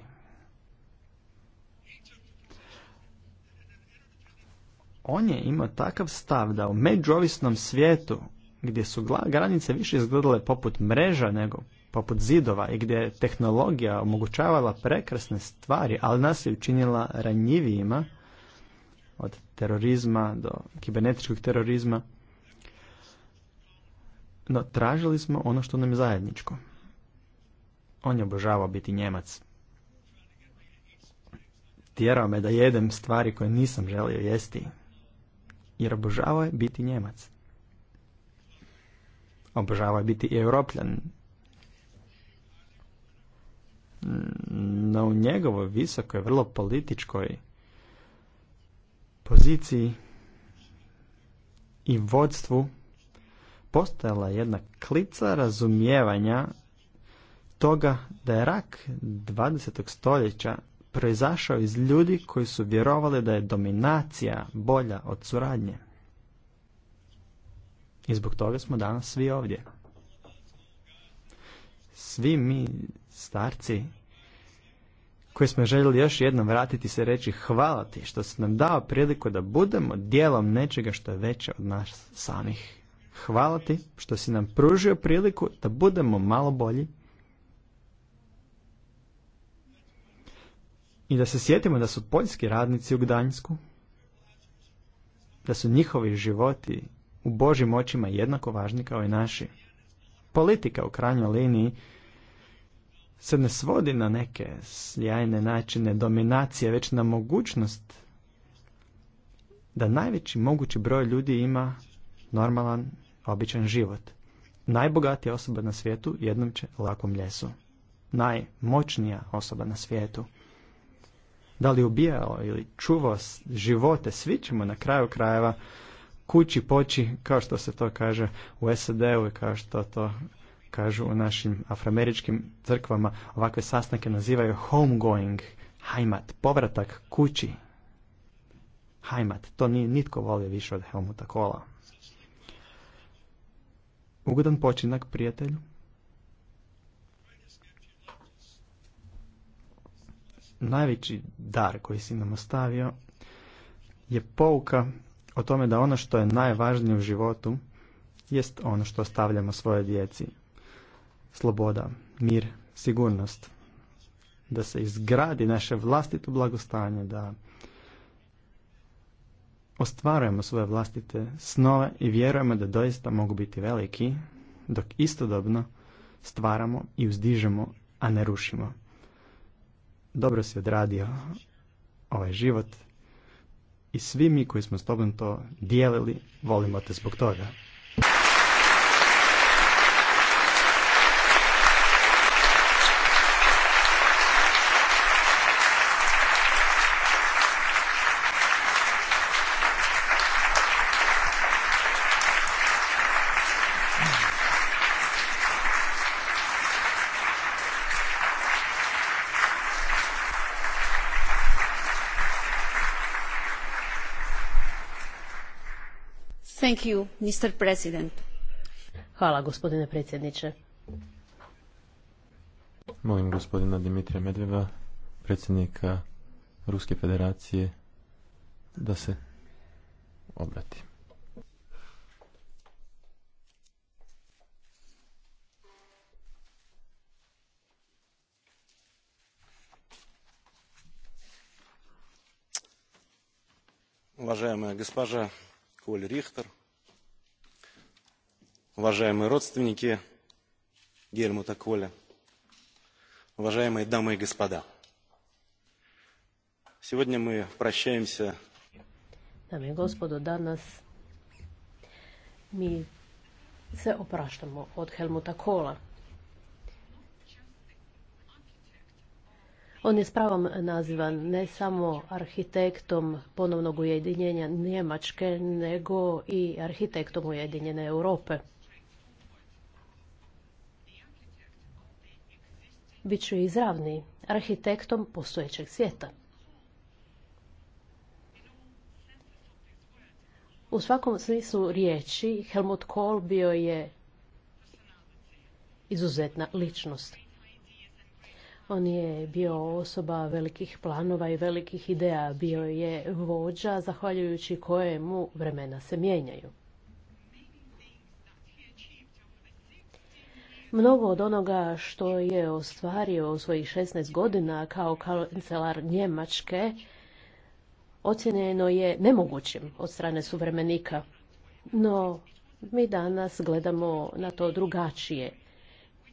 On je imao takav stav da u međuovisnom svijetu, gdje su granice više izgledale poput mreža nego poput zidova i gdje je tehnologija omogućavala prekrasne stvari, ali nas je učinila ranjivijima od terorizma do kibernetičkog terorizma, no, tražili smo ono što nam je zajedničko. On je obožavao biti Njemac. Tjerao me da jedem stvari koje nisam želio jesti. Jer obožavao je biti Njemac. Obožavao je biti i Europljan. No u njegovoj visokoj, vrlo političkoj poziciji i vodstvu postojala jedna klica razumijevanja toga da je rak 20. stoljeća proizašao iz ljudi koji su vjerovali da je dominacija bolja od suradnje. I zbog toga smo danas svi ovdje. Svi mi starci koji smo željeli još jednom vratiti se reći hvala ti što si nam dao priliku da budemo dijelom nečega što je veće od nas samih. Hvala ti što si nam pružio priliku da budemo malo bolji i da se sjetimo da su poljski radnici u Gdanjsku, da su njihovi životi u Božim očima jednako važni kao i naši. Politika u krajnjoj liniji se ne svodi na neke sjajne načine dominacije, već na mogućnost da najveći mogući broj ljudi ima normalan običan život. Najbogatija osoba na svijetu jednom će lakom ljesu. Najmoćnija osoba na svijetu. Da li ubijao ili čuvao živote, svi ćemo na kraju krajeva kući poći, kao što se to kaže u SAD-u i kao što to kažu u našim afroameričkim crkvama. Ovakve sastanke nazivaju going, hajmat, povratak kući. Hajmat, to nije nitko volio više od Helmuta Kola. Ugodan počinak, prijatelju. Najveći dar koji si nam ostavio je pouka o tome da ono što je najvažnije u životu jest ono što ostavljamo svojoj djeci. Sloboda, mir, sigurnost. Da se izgradi naše vlastito blagostanje, da ostvarujemo svoje vlastite snove i vjerujemo da doista mogu biti veliki, dok istodobno stvaramo i uzdižemo, a ne rušimo. Dobro si odradio ovaj život i svi mi koji smo s tobom to dijelili, volimo te zbog toga. Thank you, Mr. President. Hvala, gospodine predsjedniče. Molim gospodina Dimitrija Medveva, predsjednika Ruske federacije, da se obrati. uvažena gospođa Kolj Richter, уважаемые родственники Гельмута Коля, уважаемые i и господа. Сегодня мы прощаемся. Dame i gospodo, danas mi se opraštamo od Helmuta Kola. On je s pravom nazivan ne samo arhitektom ponovnog ujedinjenja Njemačke, nego i arhitektom Ujedinjene Europe. bit ću izravni arhitektom postojećeg svijeta. U svakom smislu riječi Helmut Kohl bio je izuzetna ličnost. On je bio osoba velikih planova i velikih ideja, bio je vođa zahvaljujući kojemu vremena se mijenjaju. Mnogo od onoga što je ostvario u svojih 16 godina kao kancelar Njemačke ocjenjeno je nemogućim od strane suvremenika. No, mi danas gledamo na to drugačije.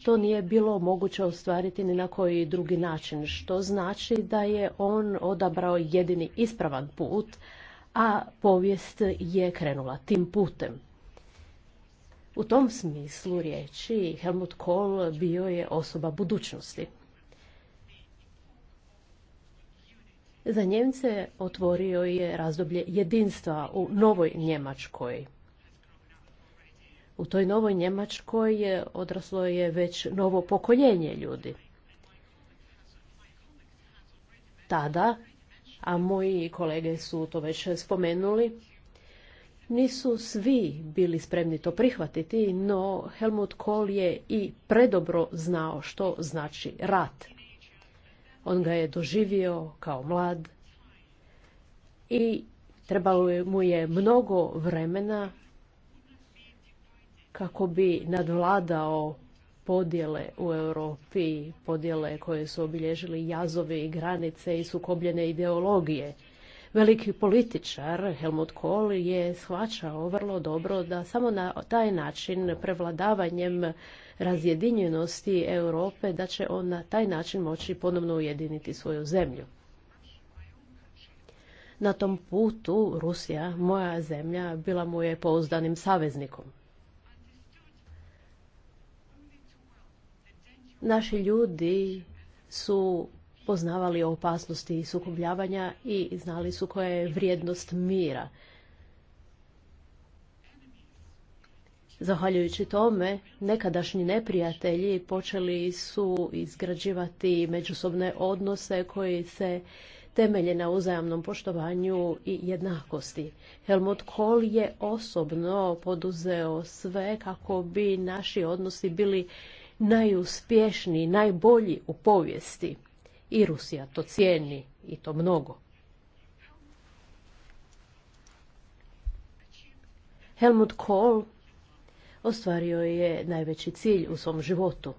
To nije bilo moguće ostvariti ni na koji drugi način, što znači da je on odabrao jedini ispravan put, a povijest je krenula tim putem. U tom smislu riječi Helmut Kohl bio je osoba budućnosti. Za Njemce otvorio je razdoblje jedinstva u novoj Njemačkoj. U toj novoj Njemačkoj je odraslo je već novo pokoljenje ljudi. Tada, a moji kolege su to već spomenuli, nisu svi bili spremni to prihvatiti, no Helmut Kohl je i predobro znao što znači rat. On ga je doživio kao mlad i trebalo mu je mnogo vremena kako bi nadvladao podjele u Europi, podjele koje su obilježili jazovi i granice i sukobljene ideologije. Veliki političar Helmut Kohl je shvaćao vrlo dobro da samo na taj način prevladavanjem razjedinjenosti Europe da će on na taj način moći ponovno ujediniti svoju zemlju. Na tom putu Rusija, moja zemlja, bila mu je pouzdanim saveznikom. Naši ljudi su poznavali opasnosti i sukobljavanja i znali su koja je vrijednost mira. Zahvaljujući tome, nekadašnji neprijatelji počeli su izgrađivati međusobne odnose koji se temelje na uzajamnom poštovanju i jednakosti. Helmut Kohl je osobno poduzeo sve kako bi naši odnosi bili najuspješniji, najbolji u povijesti i Rusija to cijeni i to mnogo. Helmut Kohl ostvario je najveći cilj u svom životu.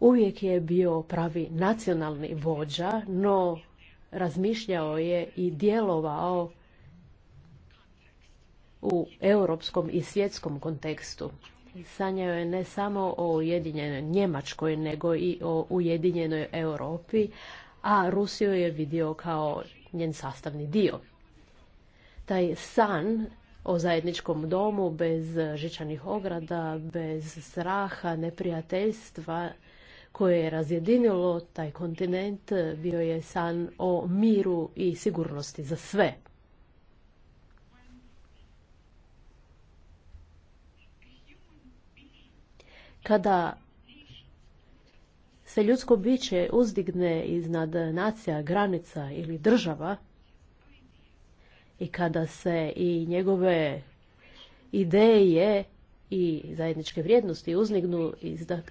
Uvijek je bio pravi nacionalni vođa, no razmišljao je i djelovao u europskom i svjetskom kontekstu sanjao je ne samo o ujedinjenoj Njemačkoj, nego i o ujedinjenoj Europi, a Rusiju je vidio kao njen sastavni dio. Taj san o zajedničkom domu bez žičanih ograda, bez straha, neprijateljstva, koje je razjedinilo taj kontinent, bio je san o miru i sigurnosti za sve. Kada se ljudsko biće uzdigne iznad nacija, granica ili država i kada se i njegove ideje i zajedničke vrijednosti uzdignu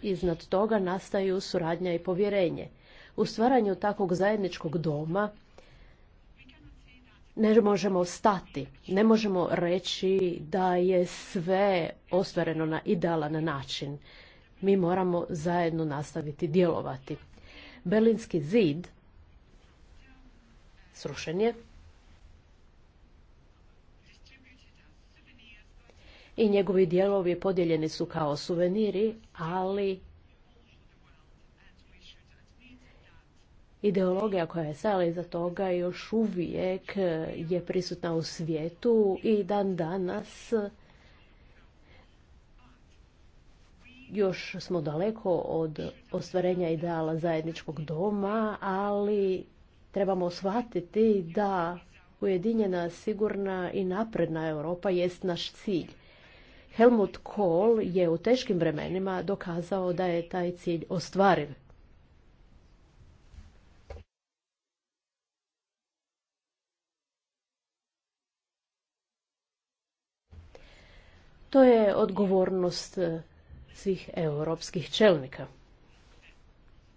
iznad toga, nastaju suradnja i povjerenje. U stvaranju takvog zajedničkog doma ne možemo stati, ne možemo reći da je sve ostvareno na idealan način. Mi moramo zajedno nastaviti djelovati. Berlinski zid srušen je i njegovi dijelovi podijeljeni su kao suveniri, ali ideologija koja je stala iza toga još uvijek e, je prisutna u svijetu i dan danas e, još smo daleko od ostvarenja ideala zajedničkog doma, ali trebamo shvatiti da ujedinjena, sigurna i napredna Europa jest naš cilj. Helmut Kohl je u teškim vremenima dokazao da je taj cilj ostvariv. To je odgovornost e, svih europskih čelnika.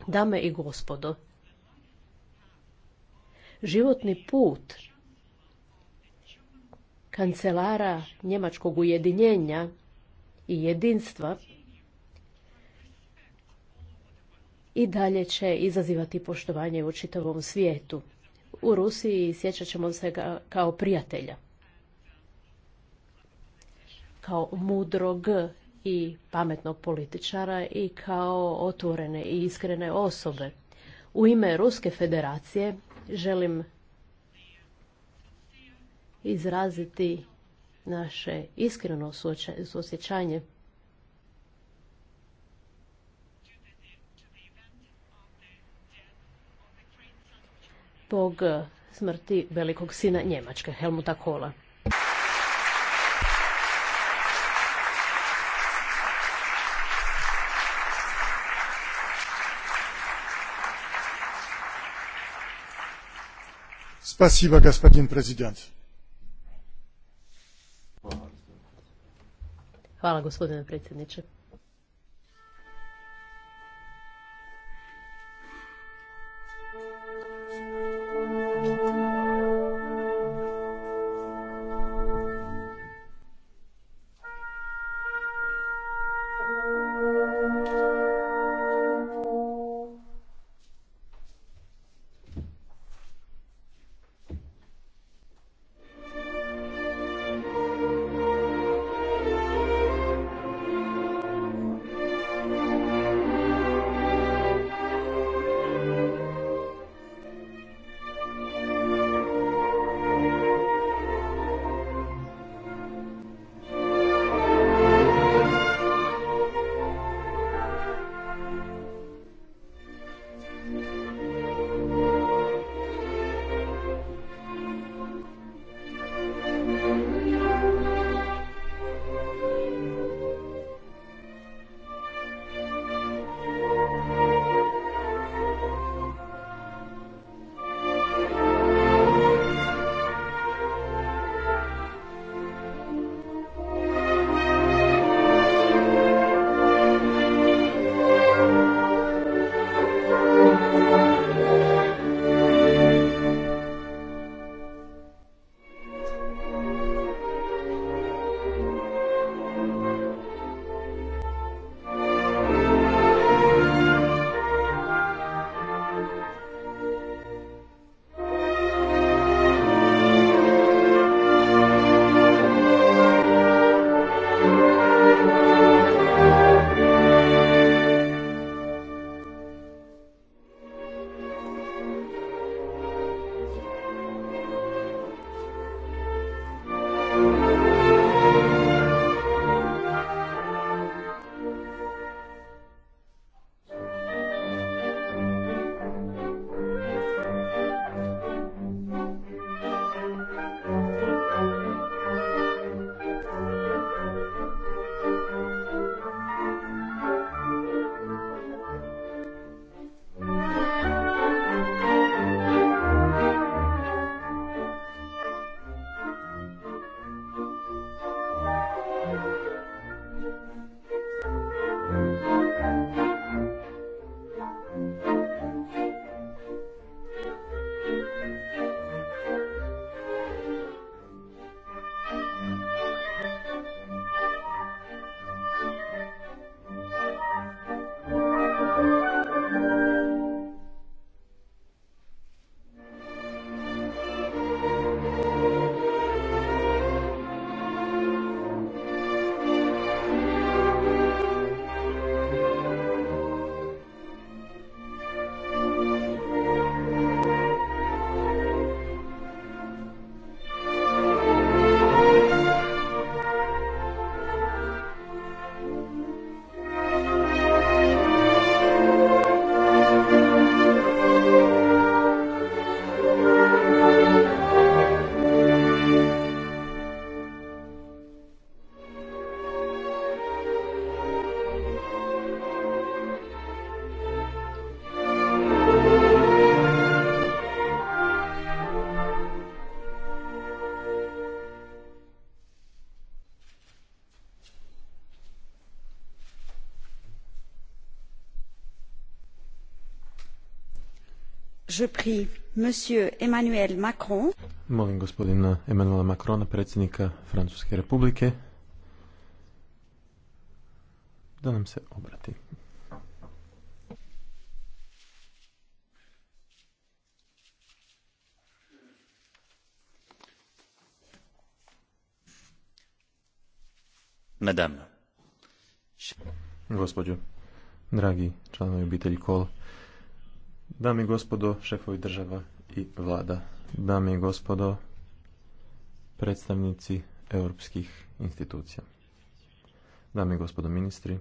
Dame i gospodo, životni put kancelara Njemačkog ujedinjenja i jedinstva i dalje će izazivati poštovanje u čitavom svijetu. U Rusiji sjećat ćemo se kao prijatelja kao mudrog i pametnog političara i kao otvorene i iskrene osobe. U ime Ruske federacije želim izraziti naše iskreno suosjećanje zbog smrti velikog sina Njemačke, Helmuta Kola. Спасибо, господин президент. Hvala, gospodine predsjedniče. Molim gospodina Emmanuela Macrona, predsjednika Francuske republike, da nam se obrati. Madame. dragi članovi obitelji Kola, Dame i gospodo, šefovi država i vlada, dame i gospodo, predstavnici europskih institucija, dame i gospodo ministri,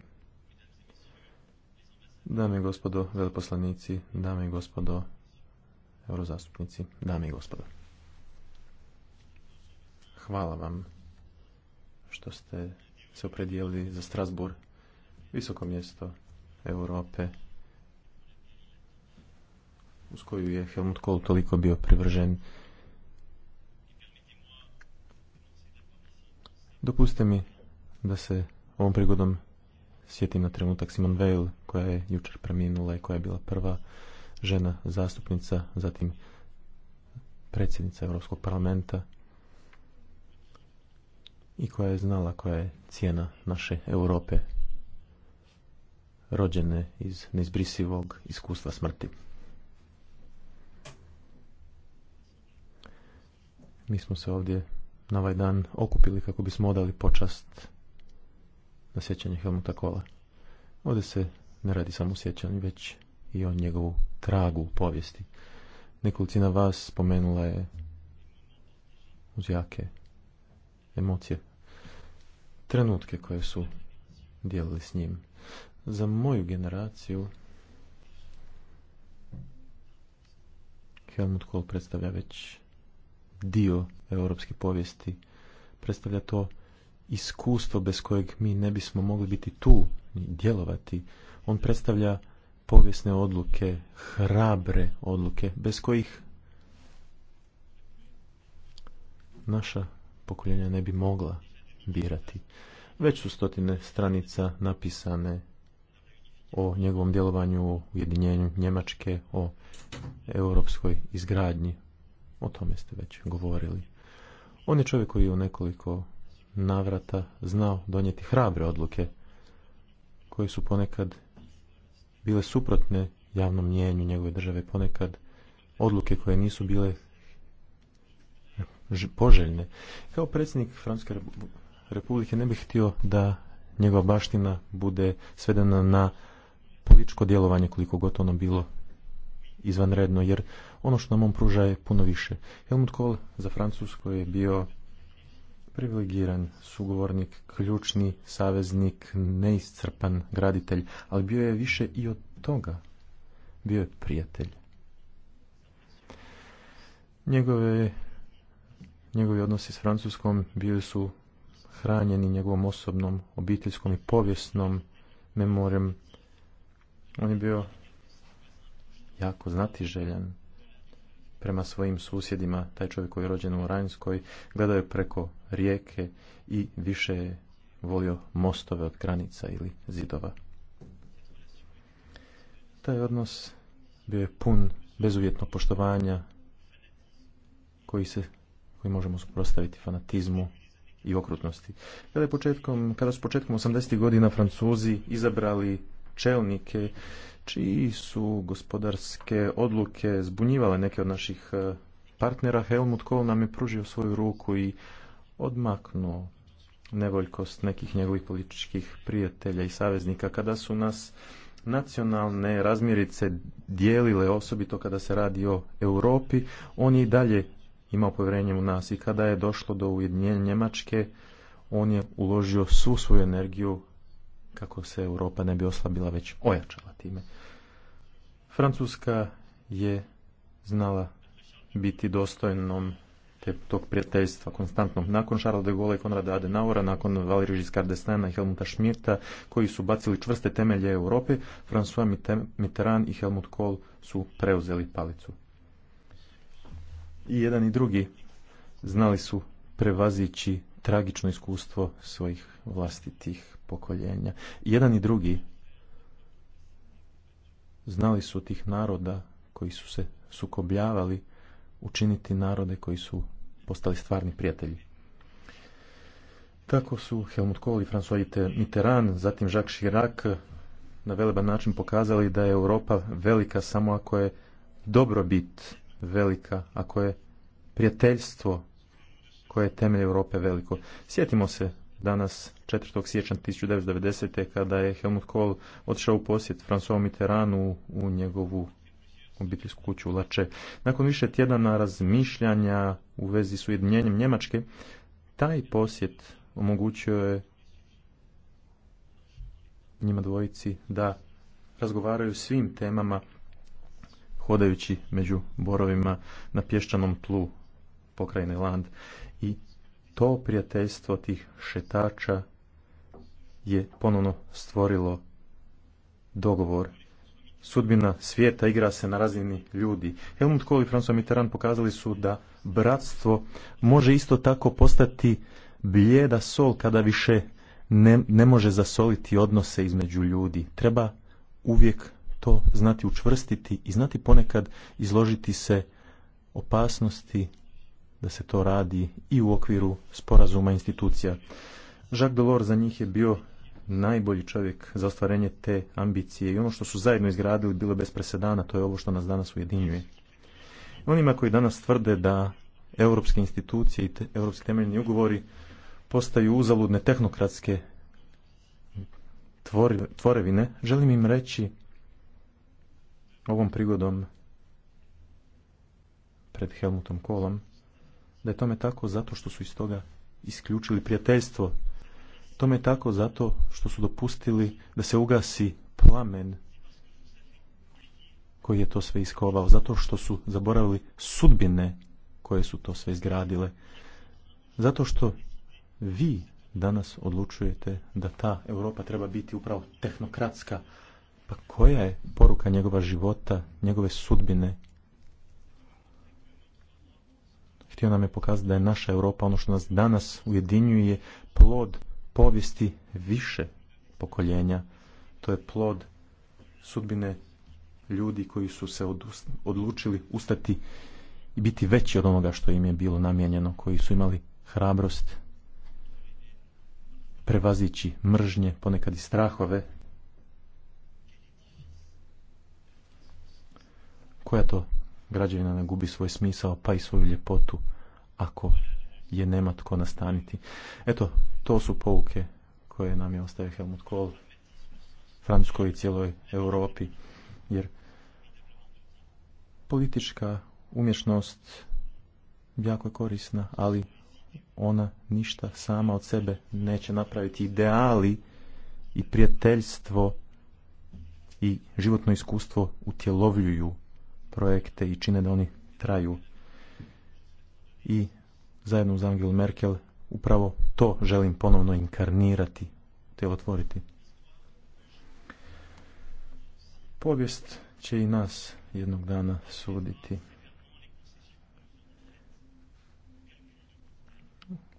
dame i gospodo veleposlanici, dame i gospodo eurozastupnici, dame i gospodo. Hvala vam što ste se opredijeli za Strasbourg, visoko mjesto Europe, uz koju je Helmut Kohl toliko bio privržen. Dopustite mi da se ovom prigodom sjetim na trenutak Simon Veil koja je jučer preminula i koja je bila prva žena zastupnica, zatim predsjednica Europskog parlamenta i koja je znala koja je cijena naše Europe rođene iz neizbrisivog iskustva smrti. Mi smo se ovdje na ovaj dan okupili kako bismo odali počast na sjećanje Helmuta Kola. Ovdje se ne radi samo sjećanje, već i o njegovu tragu u povijesti. Nekolicina vas spomenula je uz jake emocije, trenutke koje su dijelili s njim. Za moju generaciju Helmut Kohl predstavlja već dio europske povijesti. Predstavlja to iskustvo bez kojeg mi ne bismo mogli biti tu i djelovati. On predstavlja povijesne odluke, hrabre odluke, bez kojih naša pokoljenja ne bi mogla birati. Već su stotine stranica napisane o njegovom djelovanju, o ujedinjenju Njemačke, o europskoj izgradnji, o tome ste već govorili. On je čovjek koji je u nekoliko navrata znao donijeti hrabre odluke koje su ponekad bile suprotne javnom mnijenju njegove države, ponekad odluke koje nisu bile poželjne. Kao predsjednik Francuske republike ne bih htio da njegova baština bude svedena na političko djelovanje koliko god ono bilo izvanredno, jer ono što nam on pruža je puno više. Helmut Kohl za Francusko je bio privilegiran sugovornik, ključni saveznik, neiscrpan graditelj, ali bio je više i od toga. Bio je prijatelj. Njegove, njegovi odnosi s Francuskom bili su hranjeni njegovom osobnom, obiteljskom i povijesnom memorijom. On je bio jako znatiželjan prema svojim susjedima, taj čovjek koji je rođen u Oranjskoj, gledao je preko rijeke i više je volio mostove od granica ili zidova. Taj odnos bio je pun bezuvjetnog poštovanja koji se koji možemo suprotstaviti fanatizmu i okrutnosti. Kada, je početkom, kada su početkom 80. godina Francuzi izabrali čelnike čiji znači, su gospodarske odluke zbunjivale neke od naših e, partnera, Helmut Kohl nam je pružio svoju ruku i odmaknuo nevoljkost nekih njegovih političkih prijatelja i saveznika kada su nas nacionalne razmirice dijelile osobito kada se radi o Europi, on je i dalje imao povjerenje u nas i kada je došlo do ujedinjenja Njemačke, on je uložio svu svoju energiju kako se Europa ne bi oslabila već ojačala time. Francuska je znala biti dostojnom te, tog prijateljstva konstantnom. Nakon Charles de Gaulle i Konrada Adenaura, nakon Valerija Giscard d'Estaing i Helmuta Schmidta, koji su bacili čvrste temelje Europe, François Mitterrand i Helmut Kohl su preuzeli palicu. I jedan i drugi znali su prevazići tragično iskustvo svojih vlastitih pokoljenja. I jedan i drugi znali su tih naroda koji su se sukobljavali učiniti narode koji su postali stvarni prijatelji. Tako su Helmut Kohl i François Mitterrand, zatim Jacques Chirac na veleban način pokazali da je Europa velika samo ako je dobrobit velika, ako je prijateljstvo koje je temelj Europe veliko. Sjetimo se danas 4. siječnja 1990. kada je Helmut Kohl otišao u posjet François Mitterrandu u njegovu obiteljsku kuću u Lače. Nakon više tjedana razmišljanja u vezi s ujedinjenjem Njemačke, taj posjet omogućio je njima dvojici da razgovaraju svim temama hodajući među borovima na pješčanom tlu pokrajine Land i to prijateljstvo tih šetača je ponovno stvorilo dogovor. Sudbina svijeta igra se na razini ljudi. Helmut Kohl i François Mitterrand pokazali su da bratstvo može isto tako postati bljeda sol kada više ne, ne može zasoliti odnose između ljudi. Treba uvijek to znati učvrstiti i znati ponekad izložiti se opasnosti da se to radi i u okviru sporazuma institucija. Jacques Delors za njih je bio najbolji čovjek za ostvarenje te ambicije i ono što su zajedno izgradili bilo bez presedana, to je ovo što nas danas ujedinjuje. Onima koji danas tvrde da europske institucije i te, europski temeljni ugovori postaju uzaludne tehnokratske tvorevine, želim im reći ovom prigodom pred Helmutom Kolom da je tome tako zato što su iz toga isključili prijateljstvo. Tome je tako zato što su dopustili da se ugasi plamen koji je to sve iskovao, zato što su zaboravili sudbine koje su to sve izgradile. Zato što vi danas odlučujete da ta Europa treba biti upravo tehnokratska. Pa koja je poruka njegova života, njegove sudbine htio nam je pokazati da je naša Europa, ono što nas danas ujedinjuje, plod povijesti više pokoljenja. To je plod sudbine ljudi koji su se odlučili ustati i biti veći od onoga što im je bilo namijenjeno, koji su imali hrabrost prevazići mržnje, ponekad i strahove. Koja to građevina ne gubi svoj smisao pa i svoju ljepotu ako je nema tko nastaniti. Eto, to su pouke koje nam je ostavio Helmut Kohl, Francuskoj i cijeloj Europi, jer politička umješnost jako je korisna, ali ona ništa sama od sebe neće napraviti. Ideali i prijateljstvo i životno iskustvo utjelovljuju projekte i čine da oni traju. I zajedno uz Angelu Merkel upravo to želim ponovno inkarnirati, te otvoriti. Povijest će i nas jednog dana suditi.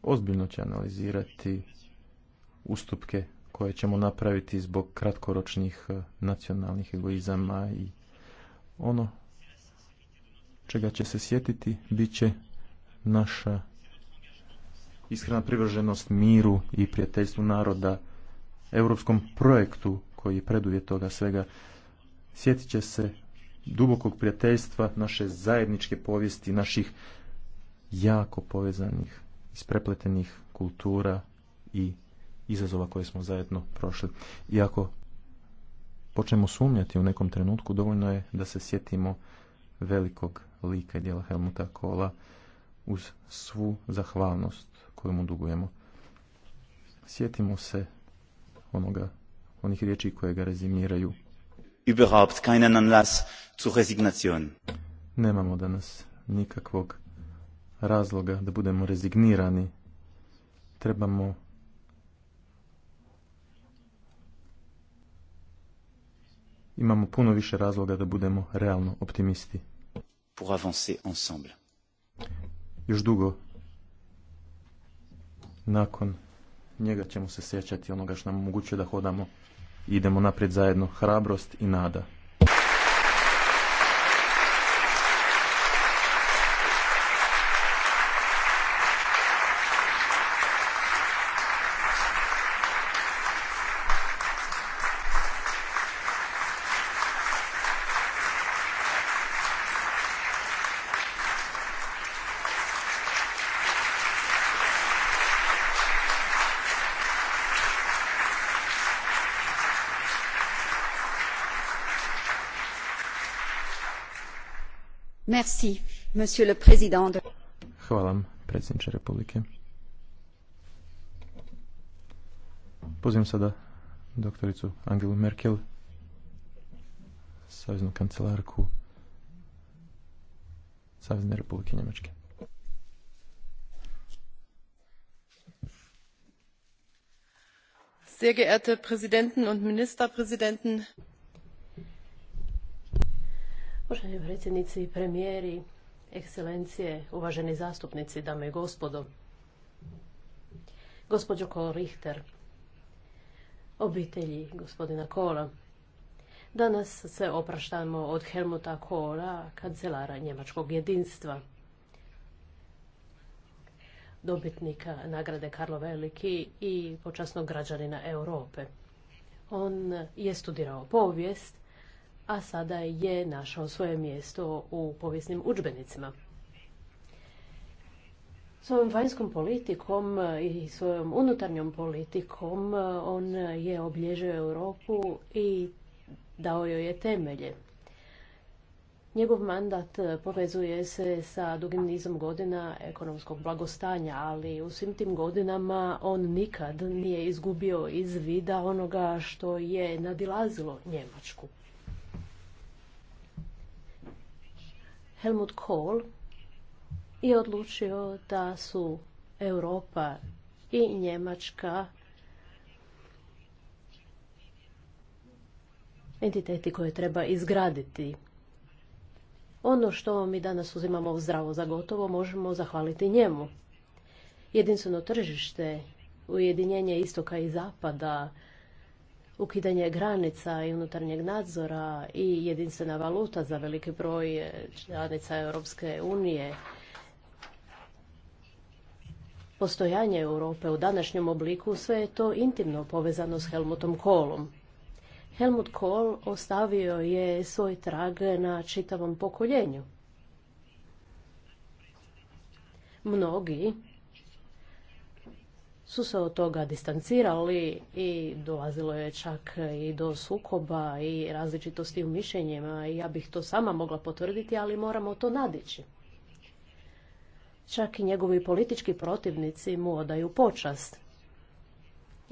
Ozbiljno će analizirati ustupke koje ćemo napraviti zbog kratkoročnih eh, nacionalnih egoizama i ono čega će se sjetiti bit će naša iskrena privrženost miru i prijateljstvu naroda, europskom projektu koji je preduvjet toga svega. Sjetit će se dubokog prijateljstva, naše zajedničke povijesti, naših jako povezanih, isprepletenih kultura i izazova koje smo zajedno prošli. I ako počnemo sumnjati u nekom trenutku, dovoljno je da se sjetimo velikog lika i djela Helmuta Kola uz svu zahvalnost koju mu dugujemo. Sjetimo se onoga, onih riječi koje ga rezimiraju. Überhaupt keinen Anlass zur Resignation. Nemamo danas nikakvog razloga da budemo rezignirani. Trebamo imamo puno više razloga da budemo realno optimisti pour avancer ensemble. Još dugo nakon njega ćemo se sjećati onoga što nam omogućuje da hodamo idemo naprijed zajedno hrabrost i nada. Merci, monsieur le président. Hvala vam, predsjedniče Republike. Pozivam sada doktoricu Angelu Merkel, saveznu kancelarku Savezne Republike Njemačke. Sehr geehrte Präsidenten und Ministerpräsidenten, Poštovani predsjednici, premijeri, ekscelencije, uvaženi zastupnici, dame i gospodo. Gospođo Kol Richter, obitelji gospodina Kola, danas se opraštamo od Helmuta Kola, kancelara Njemačkog jedinstva, dobitnika nagrade Karlo Veliki i počasnog građanina Europe. On je studirao povijest, a sada je našao svoje mjesto u povijesnim udžbenicima. Svojom vanjskom politikom i svojom unutarnjom politikom e, on je oblježio Europu i dao joj je temelje. Njegov mandat povezuje se sa dugim nizom godina ekonomskog blagostanja, ali u svim tim godinama on nikad nije izgubio iz vida onoga što je nadilazilo Njemačku. Helmut Kohl je odlučio da su Europa i Njemačka entiteti koje treba izgraditi. Ono što mi danas uzimamo zdravo za gotovo možemo zahvaliti njemu. Jedinstveno tržište, ujedinjenje istoka i zapada, ukidanje granica i unutarnjeg nadzora i jedinstvena valuta za veliki broj e, članica Europske unije, postojanje Europe u današnjem obliku, sve je to intimno povezano s Helmutom Kohlom. Helmut Kohl ostavio je svoj trag na čitavom pokoljenju. Mnogi su se od toga distancirali i dolazilo je čak i do sukoba i različitosti u mišljenjima. Ja bih to sama mogla potvrditi, ali moramo to nadići. Čak i njegovi politički protivnici mu odaju počast.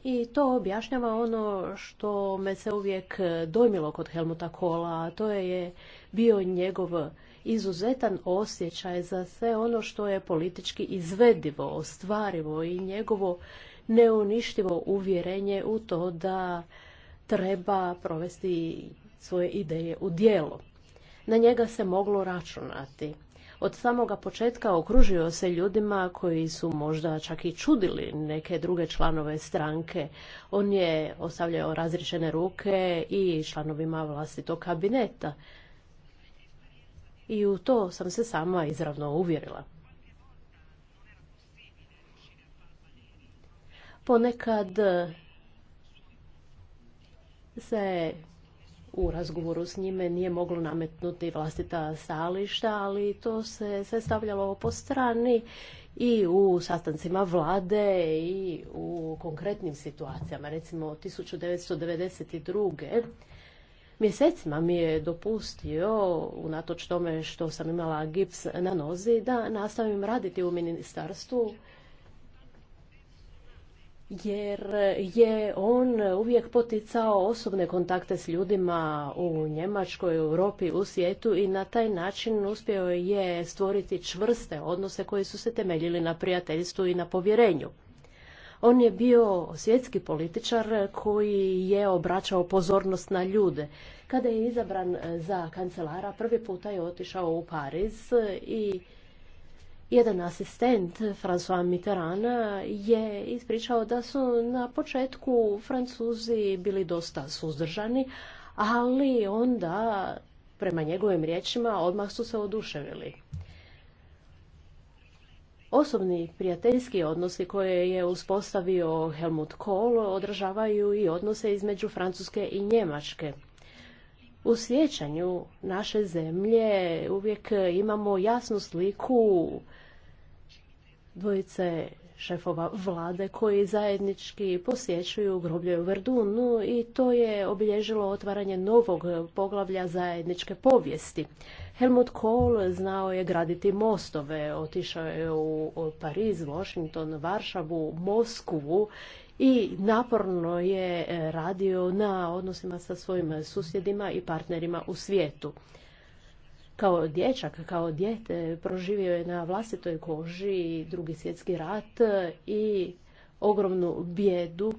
I to objašnjava ono što me se uvijek dojmilo kod Helmuta Kola, a to je bio njegov izuzetan osjećaj za sve ono što je politički izvedivo, ostvarivo i njegovo neuništivo uvjerenje u to da treba provesti svoje ideje u djelo. Na njega se moglo računati. Od samoga početka okružio se ljudima koji su možda čak i čudili neke druge članove stranke. On je ostavljao razrišene ruke i članovima vlastitog kabineta i u to sam se sama izravno uvjerila. Ponekad se u razgovoru s njime nije moglo nametnuti vlastita stališta, ali to se sve stavljalo po strani i u sastancima vlade i u konkretnim situacijama. Recimo 1992. Mjesecima mi je dopustio, unatoč tome što sam imala gips na nozi, da nastavim raditi u ministarstvu jer je on uvijek poticao osobne kontakte s ljudima u Njemačkoj, u Europi, u svijetu i na taj način uspio je stvoriti čvrste odnose koji su se temeljili na prijateljstvu i na povjerenju. On je bio svjetski političar koji je obraćao pozornost na ljude. Kada je izabran e, za kancelara, prvi puta je otišao u Pariz i jedan asistent François Mitterrand, je ispričao da su na početku Francuzi bili dosta suzdržani, ali onda, prema njegovim riječima, odmah su se oduševili. Osobni prijateljski odnosi koje je uspostavio Helmut Kohl održavaju i odnose između Francuske i Njemačke. U sjećanju naše zemlje uvijek imamo jasnu sliku dvojice šefova vlade koji zajednički posjećuju groblje u Verdunu i to je obilježilo otvaranje novog poglavlja zajedničke povijesti. Helmut Kohl znao je graditi mostove, otišao je u Pariz, Washington, Varšavu, Moskvu i naporno je e, radio na odnosima sa svojim susjedima i partnerima u svijetu. Kao dječak, kao dijete proživio je na vlastitoj koži drugi svjetski rat i ogromnu bijedu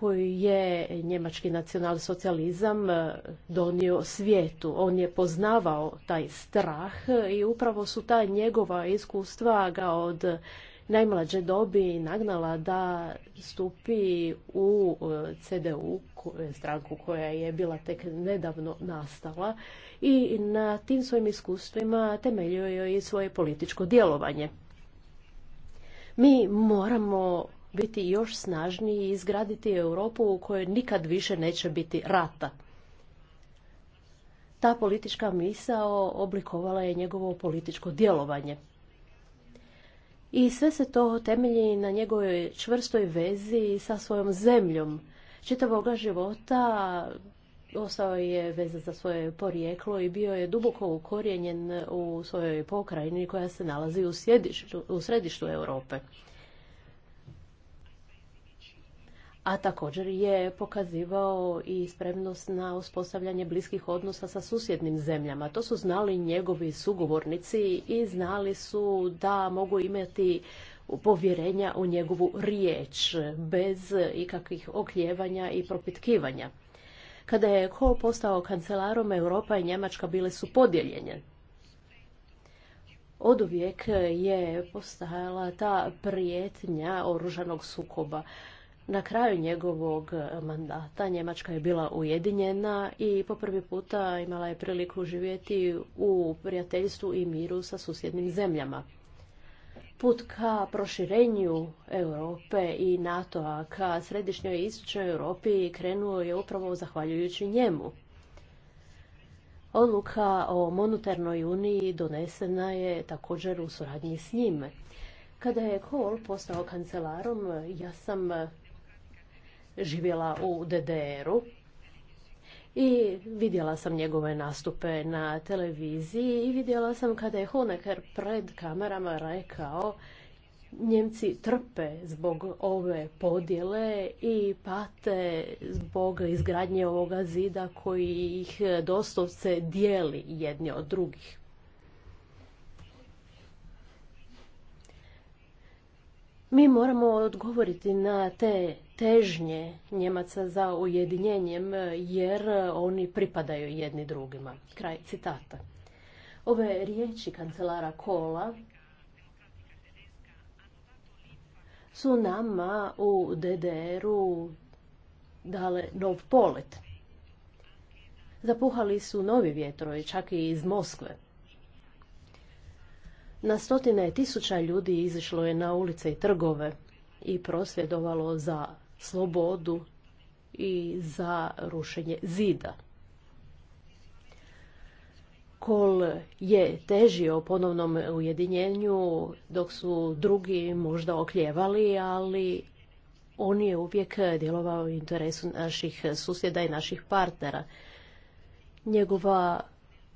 koju je njemački nacionalsocijalizam eh, donio svijetu. On je poznavao taj strah i upravo su ta njegova iskustva ga od najmlađe dobi nagnala da stupi u eh, CDU, stranku koja je bila tek nedavno nastala i na tim svojim iskustvima temeljio je i svoje političko djelovanje. Mi moramo biti još snažniji i izgraditi Europu u kojoj nikad više neće biti rata. Ta politička misao oblikovala je njegovo političko djelovanje. I sve se to temelji na njegovoj čvrstoj vezi sa svojom zemljom. Čitavoga života ostao je veze za svoje porijeklo i bio je duboko ukorijenjen u svojoj pokrajini koja se nalazi u središtu Europe. a također je pokazivao i spremnost na uspostavljanje bliskih odnosa sa susjednim zemljama. To su znali njegovi sugovornici i znali su da mogu imati povjerenja u njegovu riječ bez ikakvih okljevanja i propitkivanja. Kada je Kohl postao kancelarom, Europa i Njemačka bile su podijeljene. Oduvijek je postajala ta prijetnja oružanog sukoba. Na kraju njegovog mandata Njemačka je bila ujedinjena i po prvi puta imala je priliku živjeti u prijateljstvu i miru sa susjednim zemljama. Put ka proširenju Europe i NATO-a ka središnjoj i istočnoj Europi krenuo je upravo zahvaljujući njemu. Odluka o monetarnoj uniji donesena je također u suradnji s njim. Kada je Kohl postao kancelarom, ja sam živjela u DDR-u i vidjela sam njegove nastupe na televiziji i vidjela sam kada je Honecker pred kamerama rekao Njemci trpe zbog ove podjele i pate zbog izgradnje ovoga zida koji ih doslovce dijeli jedni od drugih. Mi moramo odgovoriti na te težnje Njemaca za ujedinjenjem jer oni pripadaju jedni drugima. Kraj citata. Ove riječi kancelara Kola su nama u DDR-u dale nov polet. Zapuhali su novi vjetrovi, čak i iz Moskve. Na stotine tisuća ljudi izišlo je na ulice i trgove i prosvjedovalo za slobodu i za rušenje zida. Kol je težio ponovnom ujedinjenju, dok su drugi možda okljevali, ali on je uvijek djelovao u interesu naših susjeda i naših partnera. Njegova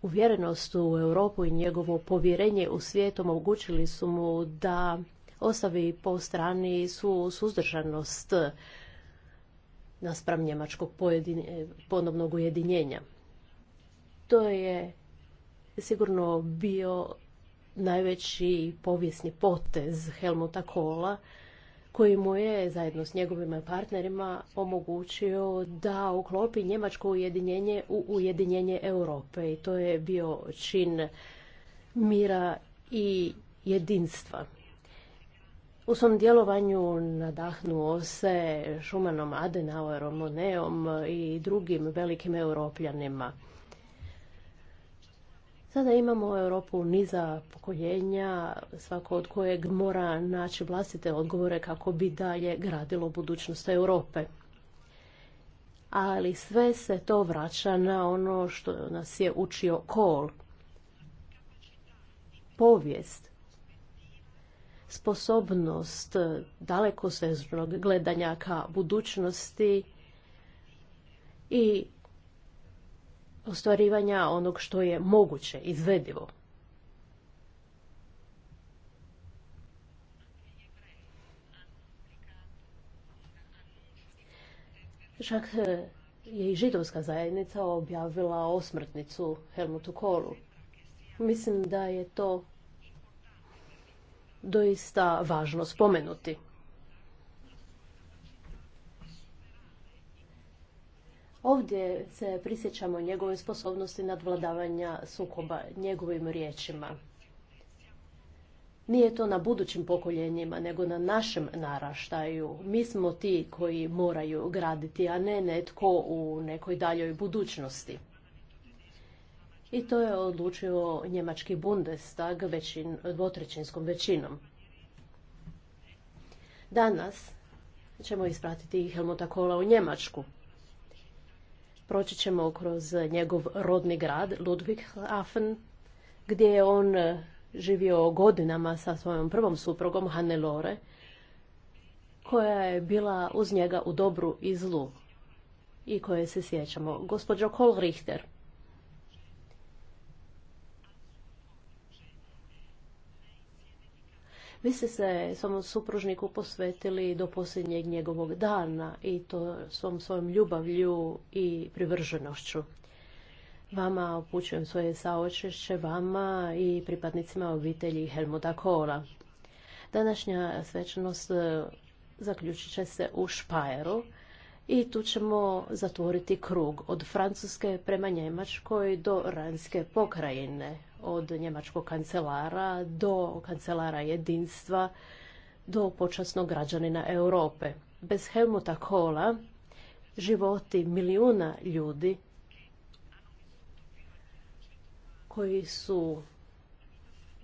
uvjerenost u Europu i njegovo povjerenje u svijet omogućili su mu da ostavi po strani svu suzdržanost naspram njemačkog ponovnog ujedinjenja. To je sigurno bio najveći povijesni potez Helmuta Kola koji mu je zajedno s njegovim partnerima omogućio da uklopi Njemačko ujedinjenje u ujedinjenje Europe i to je bio čin mira i jedinstva. U svom djelovanju nadahnuo se Šumanom, Adenauerom, Moneom i drugim velikim europljanima. Sada imamo Europu niza pokoljenja, svako od kojeg mora naći vlastite odgovore kako bi dalje gradilo budućnost Europe. Ali sve se to vraća na ono što nas je učio Kohl. Povijest, sposobnost daleko gledanja ka budućnosti i ostvarivanja onog što je moguće, izvedivo. Čak eh, je i židovska zajednica objavila osmrtnicu Helmutu Kolu. Mislim da je to doista važno spomenuti. Ovdje se prisjećamo njegove sposobnosti nadvladavanja sukoba njegovim riječima. Nije to na budućim pokoljenjima, nego na našem naraštaju. Mi smo ti koji moraju graditi, a ne netko u nekoj daljoj budućnosti. I to je odlučio njemački Bundestag većin, dvotrećinskom većinom. Danas ćemo ispratiti Helmuta Kola u Njemačku proći ćemo kroz njegov rodni grad Ludwigshafen gdje je on e, živio godinama sa svojom prvom suprugom Hannelore koja je bila uz njega u dobru i zlu i koje se sjećamo. Gospođo Kohl Richter, Vi ste se svom supružniku posvetili do posljednjeg njegovog dana i to svom svojom ljubavlju i privrženošću. Vama upućujem svoje saočešće, vama i pripadnicima obitelji Helmuta Kola. Današnja svečanost e, zaključit će se u Špajeru i tu ćemo zatvoriti krug od Francuske prema Njemačkoj do Ranske pokrajine od njemačkog kancelara do kancelara jedinstva do počasnog građanina Europe. Bez Helmuta Kola životi milijuna ljudi koji su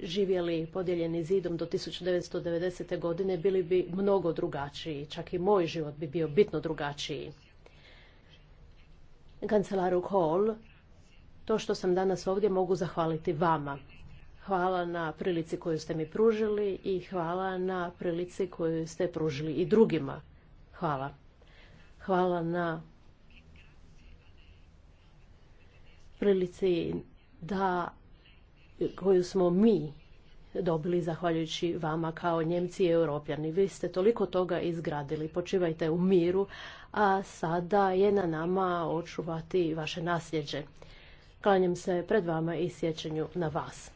živjeli podijeljeni zidom do 1990. godine bili bi mnogo drugačiji. Čak i moj život bi bio bitno drugačiji. Kancelaru Kohl to što sam danas ovdje mogu zahvaliti vama. Hvala na prilici koju ste mi pružili i hvala na prilici koju ste pružili i drugima. Hvala. Hvala na prilici da koju smo mi dobili zahvaljujući vama kao Njemci i Europljani. Vi ste toliko toga izgradili, počivajte u miru, a sada je na nama očuvati vaše nasljeđe. Klanjam se pred vama i sjećanju na vas.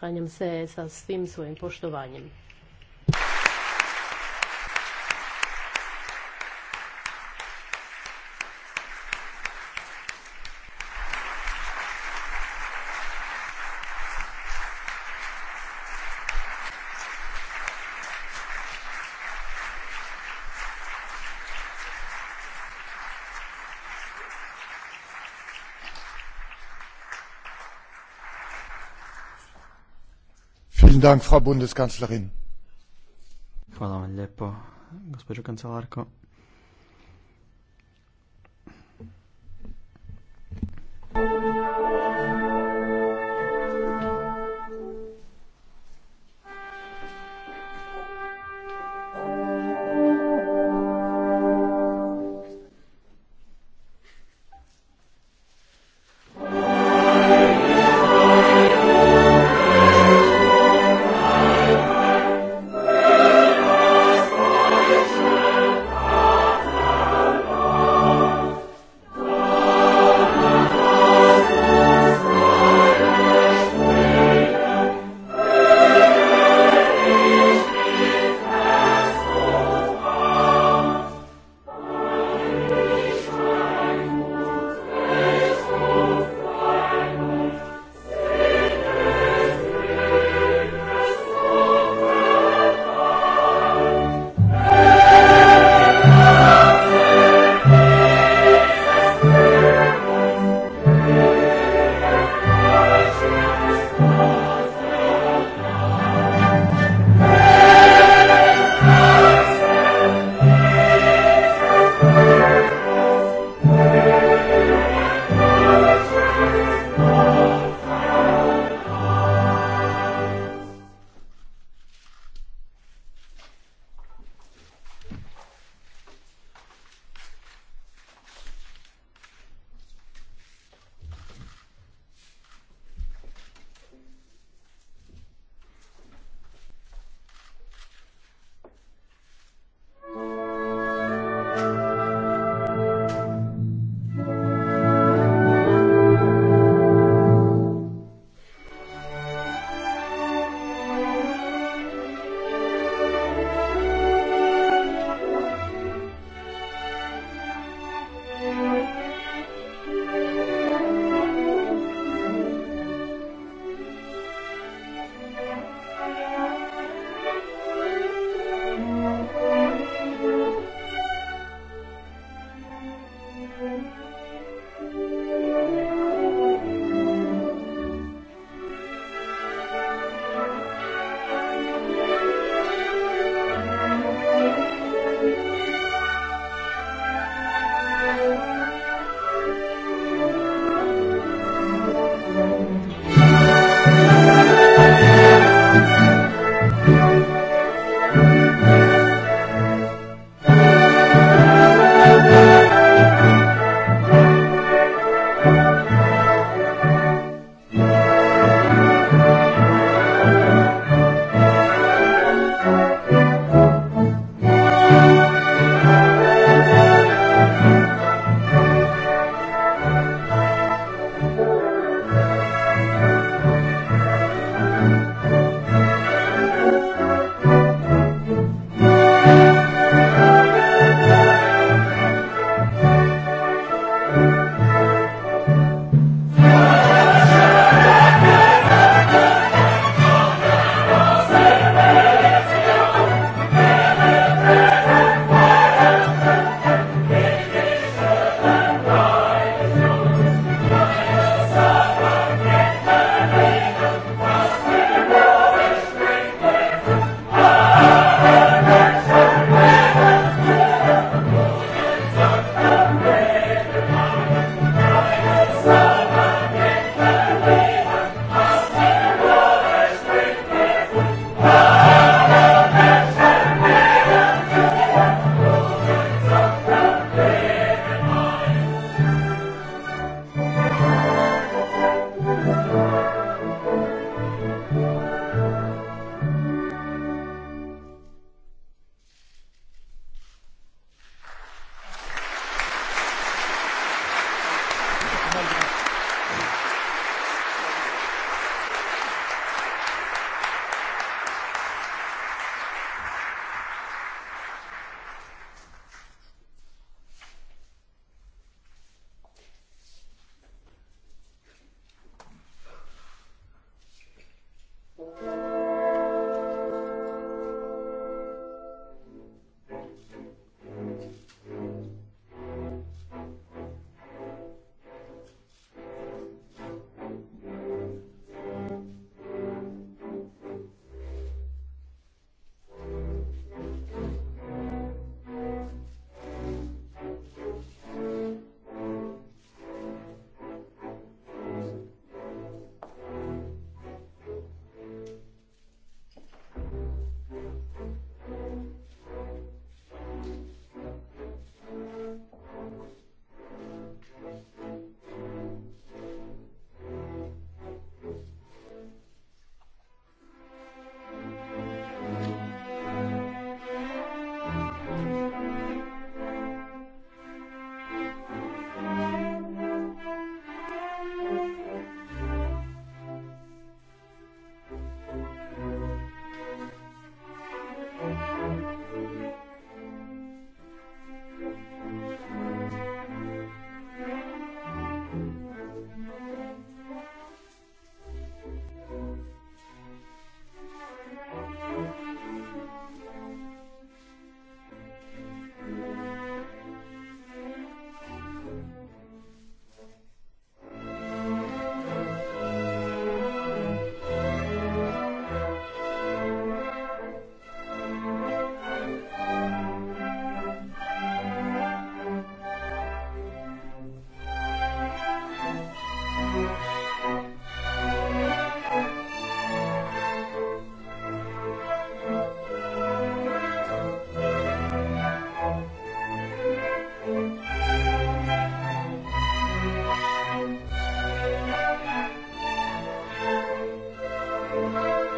Klanjam se sa svim svojim poštovanjem. Dank, Frau Bundeskanzlerin. Hvala vam lijepo, gospođo kancelarko.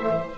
thank you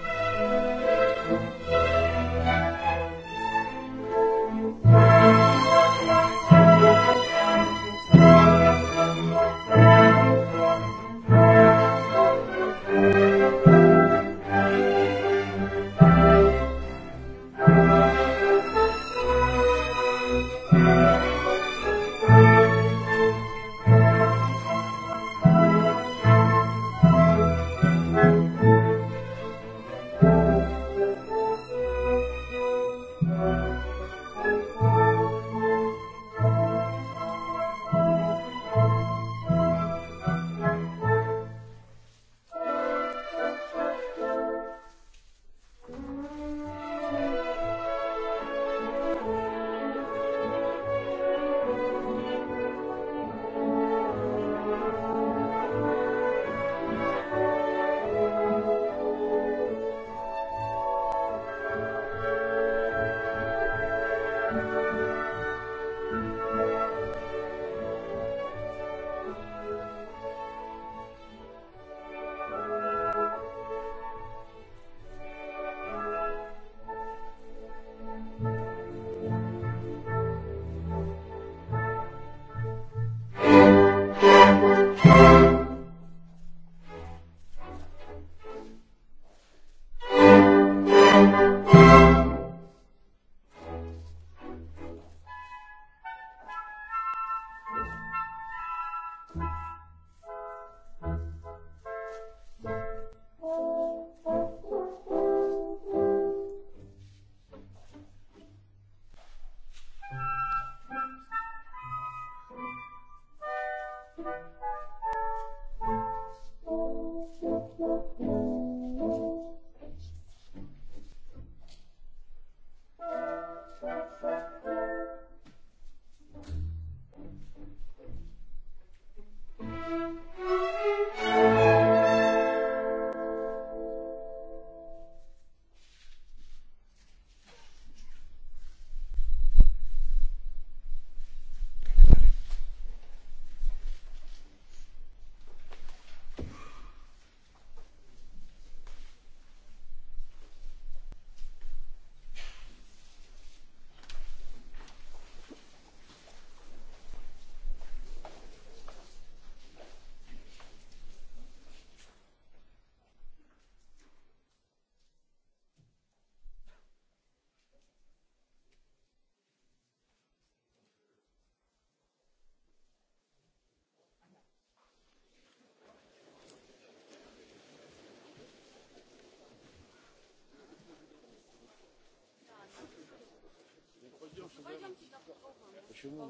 Čemu?